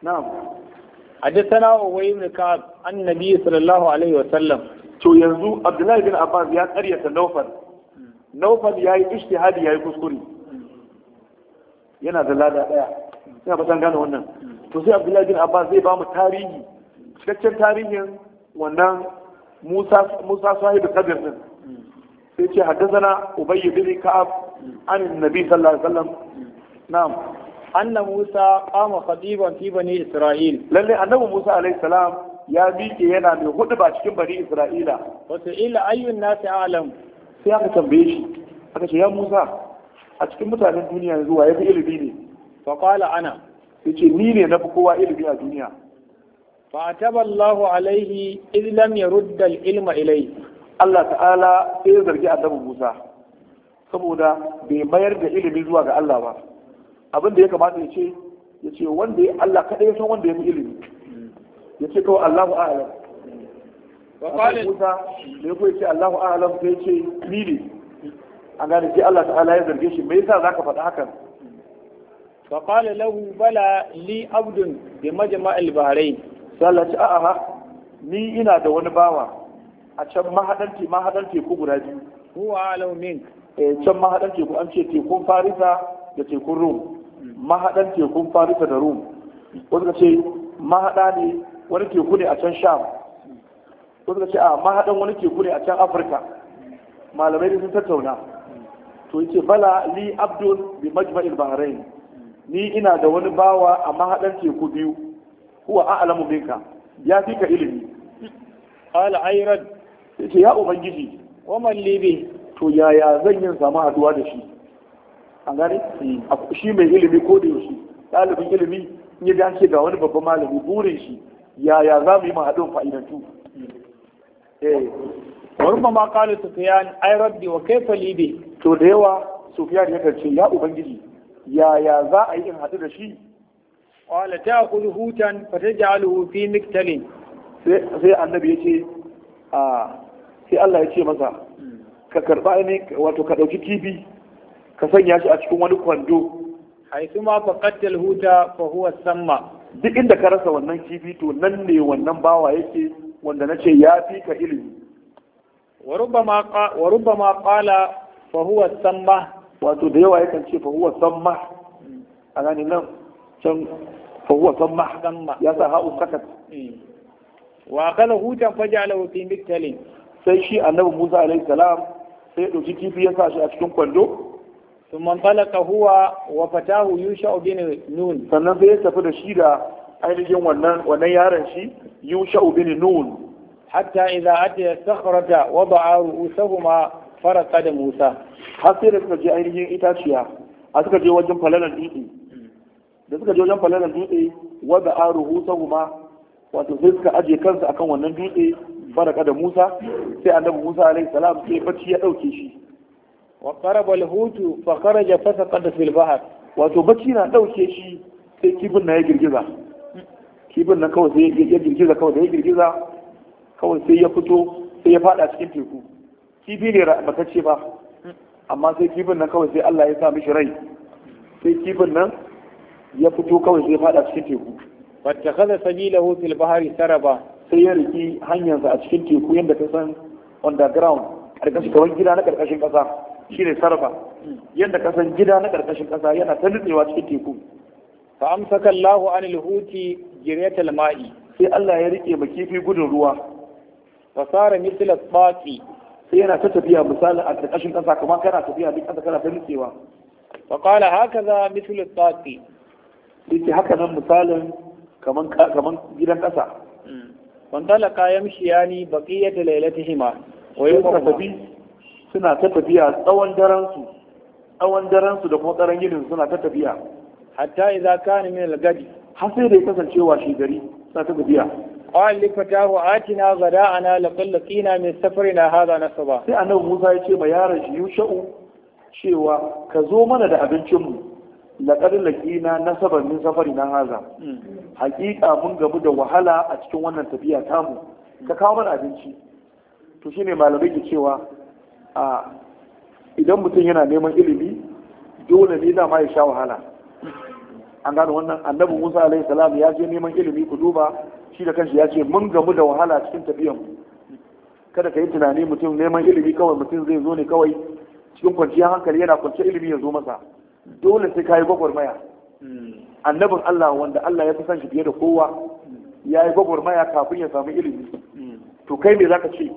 na'am A duk بن كعب عن النبي صلى sallallahu alaihi wasallam to yanzu abdullahi bin abbas ya karyata naufal naufal ya yi ishtihadi ya yi kuskure yana da lada daya ina fatan gane wannan to sai abdullahi bin abbas zai ba mu tarihi cikakken tarihin wannan musa musa sahibu kabir din sai ce haddazana ubayy bin ka'ab an nabi sallallahu alaihi wasallam na'am anna musa qama khadiban fi bani isra'il lalle annabi musa alaihi salam ya miƙe yana mai hudu ba cikin bani isra'ila wasu ila ayyun nasi alam sai aka tambaye shi aka ce ya musa a cikin mutanen duniya yanzu wa fi ilimi ne fa qala ana sai ce ni ne na fi kowa ilimi a duniya fa ataballahu alaihi id lam yurda al ilma ilai Allah ta'ala sai ya zargi annabi Musa saboda bai mayar da ilimi zuwa ga Allah ba abin da ya kamata ya ce ya ce wanda Allah kaɗai ya san wanda ya fi ilimi ya ce kawai Allahu a'lam Musa ya يقول ce Allahu اعلم sai ce ni ne a gane sai Allah ta'ala ya zarge shi me yasa zaka faɗi hakan fa qala lahu bala li abdun bi majma' al bahrain sallallahu a'a ni ina da wani bawa a can mahadan te mahadan teku guda biyu huwa alau min eh can mahadan teku an ce tekun farisa da tekun rum mahadan tekun farisa da rum wanda ce mahada ne wani teku ne a can sham ko suka ce a mahaɗan wani teku ne a can afirka malamai sun tattauna to yace bala li abdul bi majma'il bahrain ni ina da wani bawa a mahaɗan teku biyu huwa a'lamu minka ya fi ka ilimi qala ayran yace ya ubangiji wa man libi to yaya zan yin samu haduwa da shi an gane hmm. shi mai ilimi ko da yaushe ɗalibin ilimi in ya dace ga wani babban malami burin shi yaya za mu yi mu haɗin fa'idantu eh warma ma qalu sufyan ay rabbi wa kayfa li bi to da yawa sufyan ya ce ya ubangiji yaya za a yi in haɗu da shi qala ta'khudhu hutan fataj'aluhu fi miktalin sai annabi yace a sai Allah ya ce masa ka karba ne wato ka ɗauki kifi ka sanya shi a cikin wani kwando haisu ma faqatta huta fa huwa samma duk inda ka rasa wannan kifi to nan ne wannan bawa yake wanda na ce ya fi ka ilimi wa rubama qala fa huwa samma wato da yawa yakan ce fa huwa samma a gani nan can fa huwa samma ya sa ha'u sakat hmm. wa kala hutan faja'alahu fi miktalin sai shi annabi Musa alaihi salam sai ya dauki kifi ya sa shi a cikin kwando ثم انطلق هو وفتاه يوشع بن نون sannan sai tafi da shi da ainihin wannan wannan yaron shi yusha bin nun hatta idza atiya sakhrata wada'a ru'usahuma farqa da Musa har da suka je ainihin itaciya a suka je wajen falalan dutse da suka je wato sai suka aje kansu akan wannan dutse farqa da Musa sai annabi Musa alaihi salam sai bacci ya ɗauke shi wa qaraba al-hutu fa kharaja fasaqad fil bahr wato bacci na dauke shi sai kibin na ya girgiza kibin nan kawai sai ya girgiza kawai sai ya girgiza kawai sai ya fito sai ya fada cikin teku kifi ne ce ba amma sai kifin nan kawai sai Allah ya sa mishi rai sai kifin nan ya fito kawai sai ya fada cikin teku wata kaza sabila fil bahari saraba sai ya riki hanyarsa a cikin teku yadda ta san underground karkashin kawan gida na ƙarƙashin ƙasa. shine sarfa yadda kasan gida na karkashin kasa yana ta nutsewa cikin teku fa amsaka Allahu an huti jiryatal ma'i sai Allah ya rike ma kifi gudun ruwa fa sara mithla tsaqi sai yana ta tafiya misalin a karkashin kasa kuma kana tafiya duk kasa kana ta nutsewa fa qala hakaza mithla tsaqi yace haka nan misalin kaman kaman gidan kasa wanda mm. la ni baƙi baqiyatu lailatihima wa yusrafu suna ta tafiya tsawon daransu tsawon daransu da kuma tsaron yinin suna ta tafiya hatta idza kana min al-gadi har sai da ya kasance gari suna ta tafiya qala li fatahu atina ghada'ana laqad laqina min safarina hadha nasaba sai annabi Musa ya ce ma yaron shi Yusha'u cewa ka zo mana da abincin mu laqad laqina nasaban min safarina hadha hmm. hakika mun gabu da wahala a cikin wannan tafiya tamu ka kawo mana abinci to shine malamai ke cewa a idan mutum yana neman ilimi dole ne dama ya sha wahala an gano wannan annabi musa alaihi salam ya je neman ilimi ku duba shi da kanshi ya ce mun gamu da wahala cikin tafiyan kada ka yi tunani mutum neman ilimi kawai mutum zai zo ne kawai cikin kwanciyar hankali yana kwanciyar ilimi ya zo masa dole sai ka yi gwagwarmaya annabin allah wanda allah ya fi san shi fiye da kowa ya yi gwagwarmaya kafin ya samu ilimi to kai me zaka ce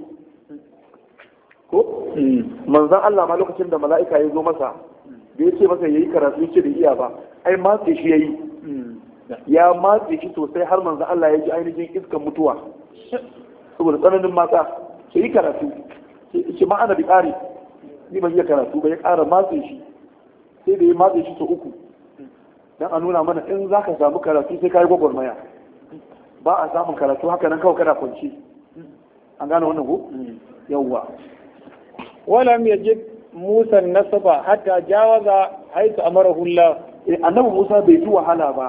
ko manzan Allah ma lokacin da mala'ika ya zo masa da ya ce masa ya yi karatu ce da iya ba ai matse shi ya yi ya matse shi sosai har manzan Allah ya ji ainihin iskan mutuwa saboda tsananin matsa ce yi karatu ce ma ana bikari ni ba iya karatu ba ya ƙara matse shi sai da ya matse shi ta uku dan a nuna mana in za ka samu karatu sai ka yi gwagwarmaya ba a samun karatu haka nan kawai kana kwanci an gane wannan ko yawwa walam yajid musa nasaba hatta jawaza haitu amarahu Allah eh annabi Musa bai ji wahala ba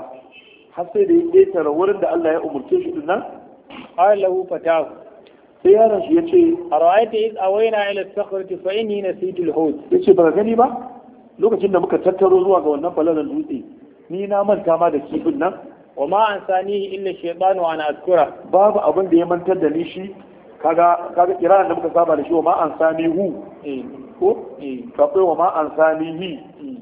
har sai da ya ƙetare wurin da Allah ya umurce shi dinnan qalahu fatahu sai yaron shi yace ara'aita iz awayna ila as-sakhrati fa inni nasitu al yace ba gani ba lokacin da muka tattaro zuwa ga wannan balalan dutse ni na manta ma da kifin nan wa ma ansani illa shaytanu an azkura babu abin da ya mantar da ni shi kaga kaga kiranan da muka saba da shi wa ma an hu eh. ko to eh. wa ma an sani hi eh.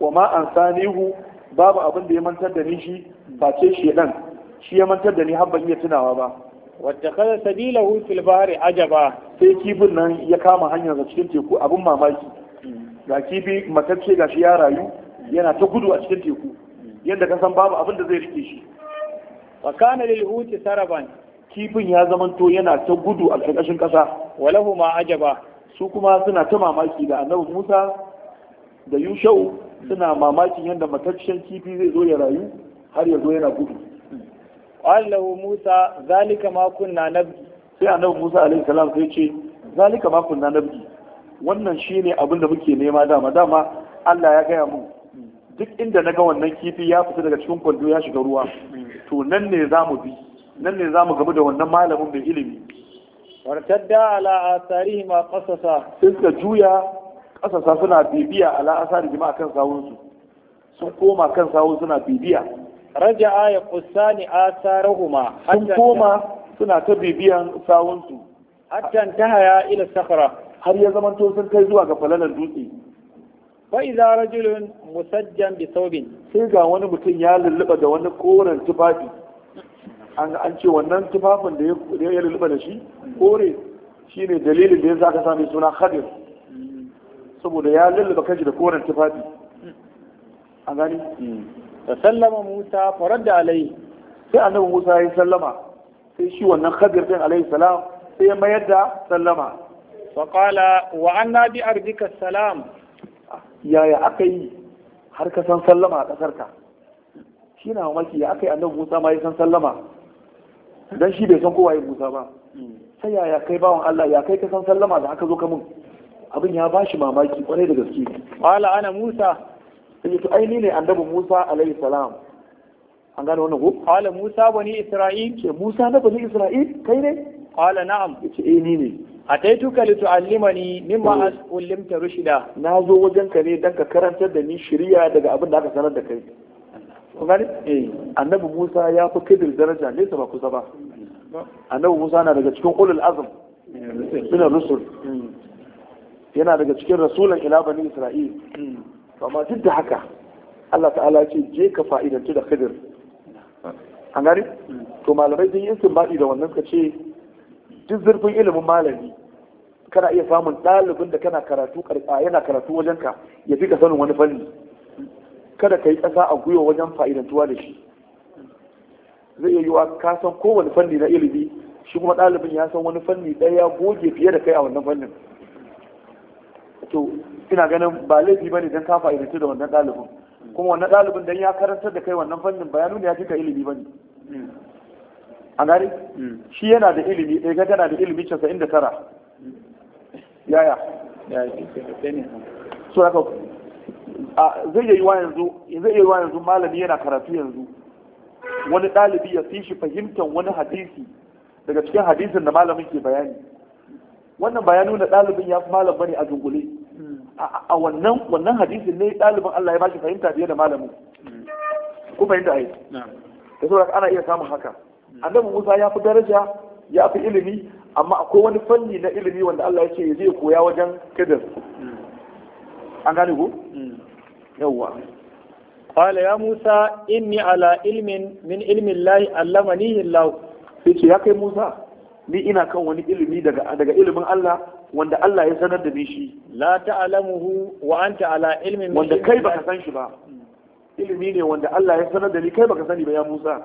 wa ma an hu babu abin da ya mantar da ni shi ba ce dan shi ya mantar da ni har ban iya tunawa ba wadda kada sabilahu fil bahri ajaba sai kifin nan ya kama hanyar sa cikin teku abin mamaki hmm. ga kifi matacce ga shi ya rayu yana ta gudu a cikin teku hmm. yadda ka san babu abin da zai rike shi wa kana lil huti saraban kifin ya zamanto yana ta gudu a ƙarƙashin ƙasa walahu ma ajaba su kuma suna ta mamaki da annabi Musa da Yushau suna mamakin yadda mataccen kifi zai zo ya rayu har ya zo yana gudu Allahu Musa zalika ma kunna nabi sai annabi Musa alaihi salam sai ce zalika ma kunna nabi wannan shine abin da muke nema dama dama Allah ya gaya mu duk inda na ga wannan kifi ya fita daga cikin kwando ya shiga ruwa to nan ne za mu bi nan ne za mu gabu da wannan malamin mai ilimi wartadda ala asarihi ma qasasa sun ka juya ƙasasa suna bibiya ala asari a kan sawunsu. sun koma kan sawun suna bibiya Raja a ya a asarahuma sun koma suna ta bibiyan sawunsu. su ta haya ila sakhra har ya zamanto sun kai zuwa ga falalar dutse fa iza rajulun musajjan bi thawbin sai ga wani mutum ya lulluɓa da wani koren tufafi an ce wannan tufafin da ya lulluɓa da shi kore shi ne dalilin da ya za ka sami suna khadir saboda ya lulluɓa kanshi da koren tufafi a gani ta sallama musa farar da alai sai annabi musa ya sallama sai shi wannan khadir din alai salam sai ya mayar da sallama faƙala wa an na bi arzika salam yaya aka yi har ka san sallama a ƙasarka shi na mamaki ya aka yi annabi musa ma ya san sallama dan shi bai san kowa ya Musa ba sai yaya kai bawan Allah ya kai ka san sallama da aka zo ka mun abin ya bashi mamaki kwarai da gaske wala ana Musa sai to aini ne annabi Musa alaihi salam an gane wannan ko wala Musa bani Isra'il ce Musa na bani Isra'il kai ne wala na'am ce eh ni ne ataituka li min mimma eh. ulimta rushida na zo wajen ka ne dan ka karantar da ni shari'a daga abin da aka sanar da kai Eh, annabi Musa ya fi kidir daraja nesa ba kusa ba annabi Musa na daga cikin ulul azum min rusul yana daga cikin rasulan ila bani Isra'il amma duk da haka Allah ta'ala ce je ka fa'idantu da kidir an gari to malamai sun yi istinbadi da wannan ka ce duk zurfin ilimin malami kana iya samun ɗalibin da kana karatu yana karatu wajenka ya fi ka sanin wani fanni kada ka yi ƙasa a gwiwa wajen fa'idantuwa da shi zai iya yiwa ka san kowane fanni na ilimi shi kuma ɗalibin ya san wani fanni ɗaya ya goge fiye da kai a wannan fannin to ina ganin ba laifi ba ne don ka fa'idantu da wannan ɗalibin kuma wannan ɗalibin don ya karantar da kai wannan fannin ba ya nuna ya fi ka ilimi ba ne a gari shi yana da ilimi ɗaya eh, ga tana da ilimi casa'in da tara yaya so haka zai iya yiwa yanzu zai yi wa yanzu malami yana karatu yanzu wani ɗalibi ya fi shi fahimtar wani hadisi daga cikin hadisin da malamin ke bayani wannan bayanu na ɗalibin ya fi malam bane a dungule a wannan wannan hadisin ne ɗalibin Allah ya bashi fahimta fiye da malamin ku fahimta ai da saboda ana iya samun haka annabi Musa ya fi daraja ya fi ilimi amma akwai wani fanni na ilimi wanda Allah ya ce ya je koya wajen kidir hmm. an gane ku hmm. yawwa qala ya musa inni ala ilmin min ilmi llahi allamani allah yace ya kai musa ni ina kan wani ilimi daga daga ilimin Allah wanda Allah ya sanar da ni shi la ta'lamuhu wa anta ala ilmin wanda kai baka san shi ba ilimi ne wanda Allah ya sanar da ni kai baka sani ba ya Musa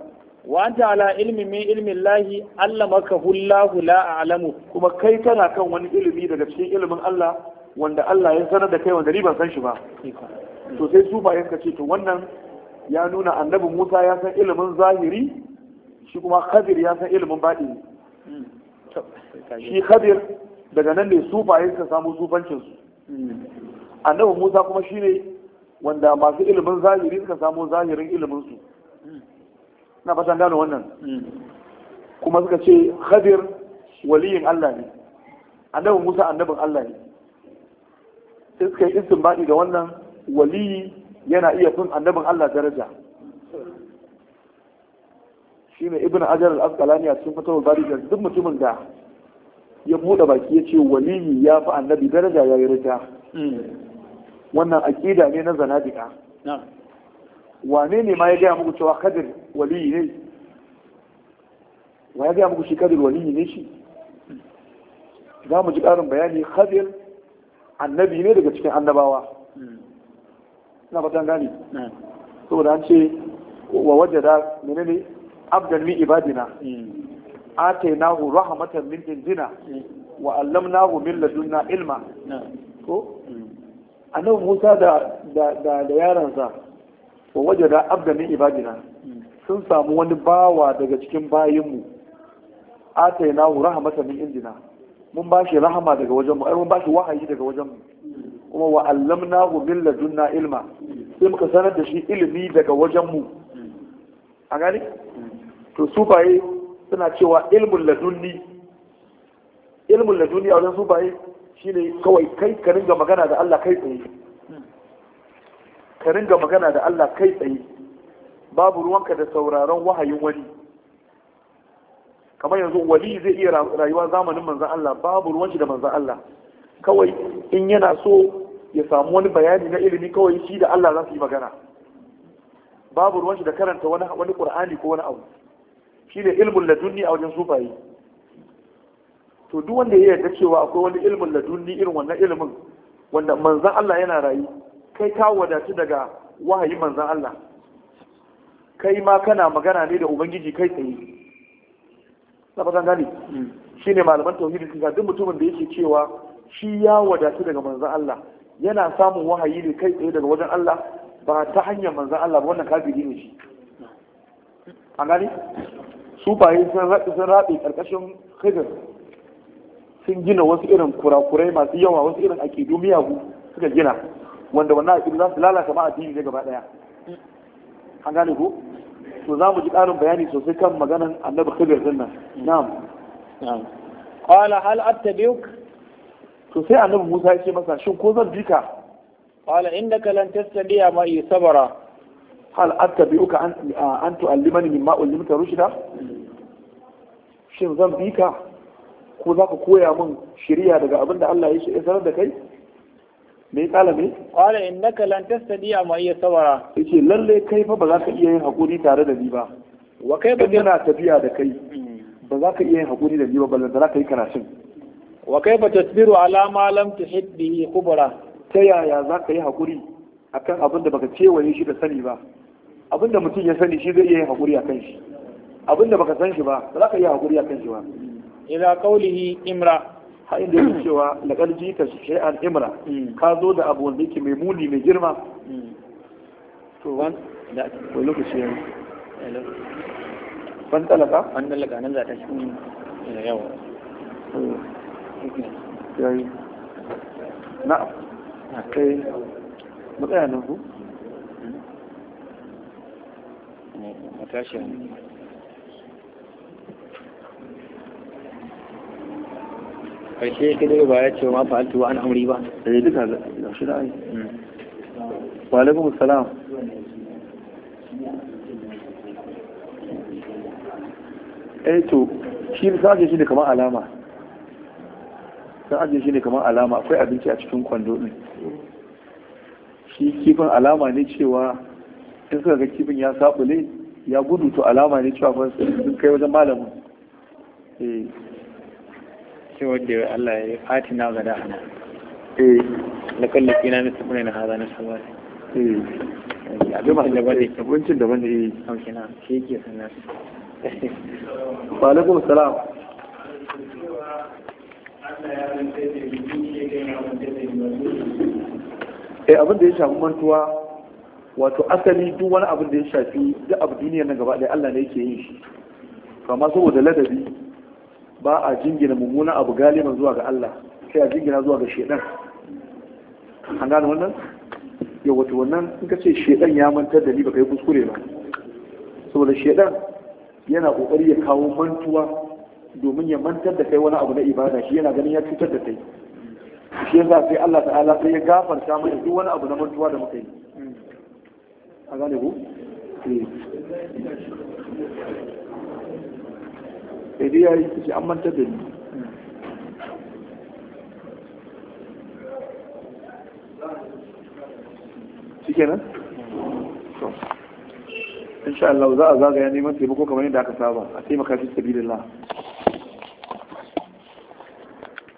wa anta ala ilmin min ilmi lahi allamaka hullahu la a'lamu kuma kai kana kan wani ilimi daga cikin ilimin Allah wanda Allah ya sanar da kai wanda ni ban san shi ba to sai su bayan ka ce to wannan ya nuna annabi Musa ya san ilimin zahiri shi kuma Khadir ya san ilimin baɗi shi Khadir daga nan ne su bayan ka samu zubancin su hmm. annabi Musa kuma shine wanda masu ilimin zahiri suka samu zahirin ilimin su hmm. na fatan gano wannan hmm. kuma suka ce Khadir waliyin Allah ne annabi Musa annabin Allah ne sai suka yi badi da wannan wali yana iya fin annabin Allah daraja shi ne ibn ajar al-asqalani a cikin fatawar bari da duk mutumin da ya buɗe baki ya ce wali ya fi annabi daraja ya yi rita wannan aƙida ne na zanadika wane ne ma ya gaya muku cewa kadir wali ne wa ya gaya muku shi kadir wali ne shi za mu ji ƙarin bayani kadir annabi ne daga cikin annabawa hmm. na fatan gani saboda an ce wa wajada ne abdan min ibadina mm. atainahu rahmatan min indina mm. wa allamnahu min ladunna ilma ko mm. annabi Musa da da da, da yaransa wa da abdan min ibadina sun samu wani bawa daga cikin bayinmu atainahu rahmatan min indina mun ba shi rahama daga wajenmu ai mun ba shi wahayi daga wajenmu kuma wa allamna hu min ladunna ilma sai muka sanar da shi ilimi daga wajen mu a gani to sufaye suna cewa ilmun ladunni ilmun ladunni a wajen sufaye shine kawai kai ka ringa magana da Allah kai tsaye ka ringa magana da Allah kai tsaye babu ruwanka da sauraron wahayin wani kamar yanzu wali zai iya rayuwa zamanin manzan Allah babu ruwanci da manzan Allah kawai in yana so ya samu wani bayani na ilimi kawai shi da Allah za su yi magana babu ruwan shi da karanta wani wani Qur'ani ko wani abu Shi ne ilmul ladunni a wajen sufayi to duk wanda ya yarda cewa akwai wani ilmul ladunni irin wannan ilimin wanda manzon Allah yana rayu kai ka wadatu daga wahayi manzon Allah kai ma kana magana ne da ubangiji kai tsaye na fatan gani hmm. shine malaman tauhidi suka duk mutumin da yake cewa shi ya wadatu daga manzon Allah yana samun wahayi ne kai tsaye daga wajen Allah ba ta hanyar manzan Allah ba wannan kafiri ne shi an gani baye sun raɓe sun raɓe ƙarƙashin hijir sun gina wasu irin kurakurai masu yawa wasu irin akidu miyagu suka gina wanda wannan akidu za su lalata ma addini ne gaba ɗaya an gane ku to za mu ji ƙarin bayani sosai kan maganan annabi hijir din nan na'am qala hal attabiuk to sai annabi Musa ya ce masa shin ko zan bi ka qala innaka lan tastadiya ma sabara hal attabi'uka an an tu'allimani mimma ullimta rushda shin zan bi ka ko za ka koya min shiriya daga abin da Allah ya sanar da kai me ya kala me qala innaka lan tastadi'a ma iya sabara yace lalle kai fa ba za ka iya yin hakuri tare da ni ba wa kai ba yana tafiya da kai mm. ba za ka iya yin hakuri da ni ba ballan za ka yi karatun wa kaifa tasbiru ala ma lam tuhid bihi kubra ta yaya za ka yi hakuri akan abin da baka cewaye shi da sani ba abin da mutum ya sani shi zai iya yin hakuri akan shi abin da baka san shi ba za ka yi hakuri akan shi ba ila qawlihi imra ha inda yake cewa laqad jita shay'an imra hmm. ka zo da abu wanda yake mai muni mai girma hmm. to wan da lokaci ya ban talaka an nan za ta shi hmm. yawa yayi na kai matsaya nan ku matashin karshe ka daga baya ce ma fa'altu wa an amuri ba eh duka ga shi da ayi wa alaikum assalam eh to shi sace shi da kamar alama sun ajiye shi ne kamar alama akwai abinci a cikin kwando din shi kifin alama ne cewa in suka ga kifin ya sabule ya gudu to alama ne cewa ba sun kai wajen malamin eh sai wanda Allah ya fati na gada ana. eh na kalli kina ne tsune na hada na sabar eh abincin da wani yi daban ne shi ke sannan ba alaikum salam eh abin da ya shafi mantuwa wato asali duk wani abin da ya shafi duk abu duniyar na gaba ɗaya Allah ne yake yin shi kama saboda ladabi ba a jingina mummunan abu galiban zuwa ga Allah sai a jingina zuwa ga shedan an gane wannan yau wato wannan in ka ce shedan ya mantar da ni baka yi kuskure ba saboda shedan yana kokari ya kawo mantuwa domin ya mantar da kai wani abu na ibada shi yana ganin ya cutar da kai shi yasa sai Allah ta'ala sai ya gafarta mana duk wani abu na mantuwa da muka yi a gane ku eh. sai dai yayi shi an mantar da ni shikenan to insha Allah za a zagaya neman taimako kamar yadda aka saba a taimaka fi sabilillah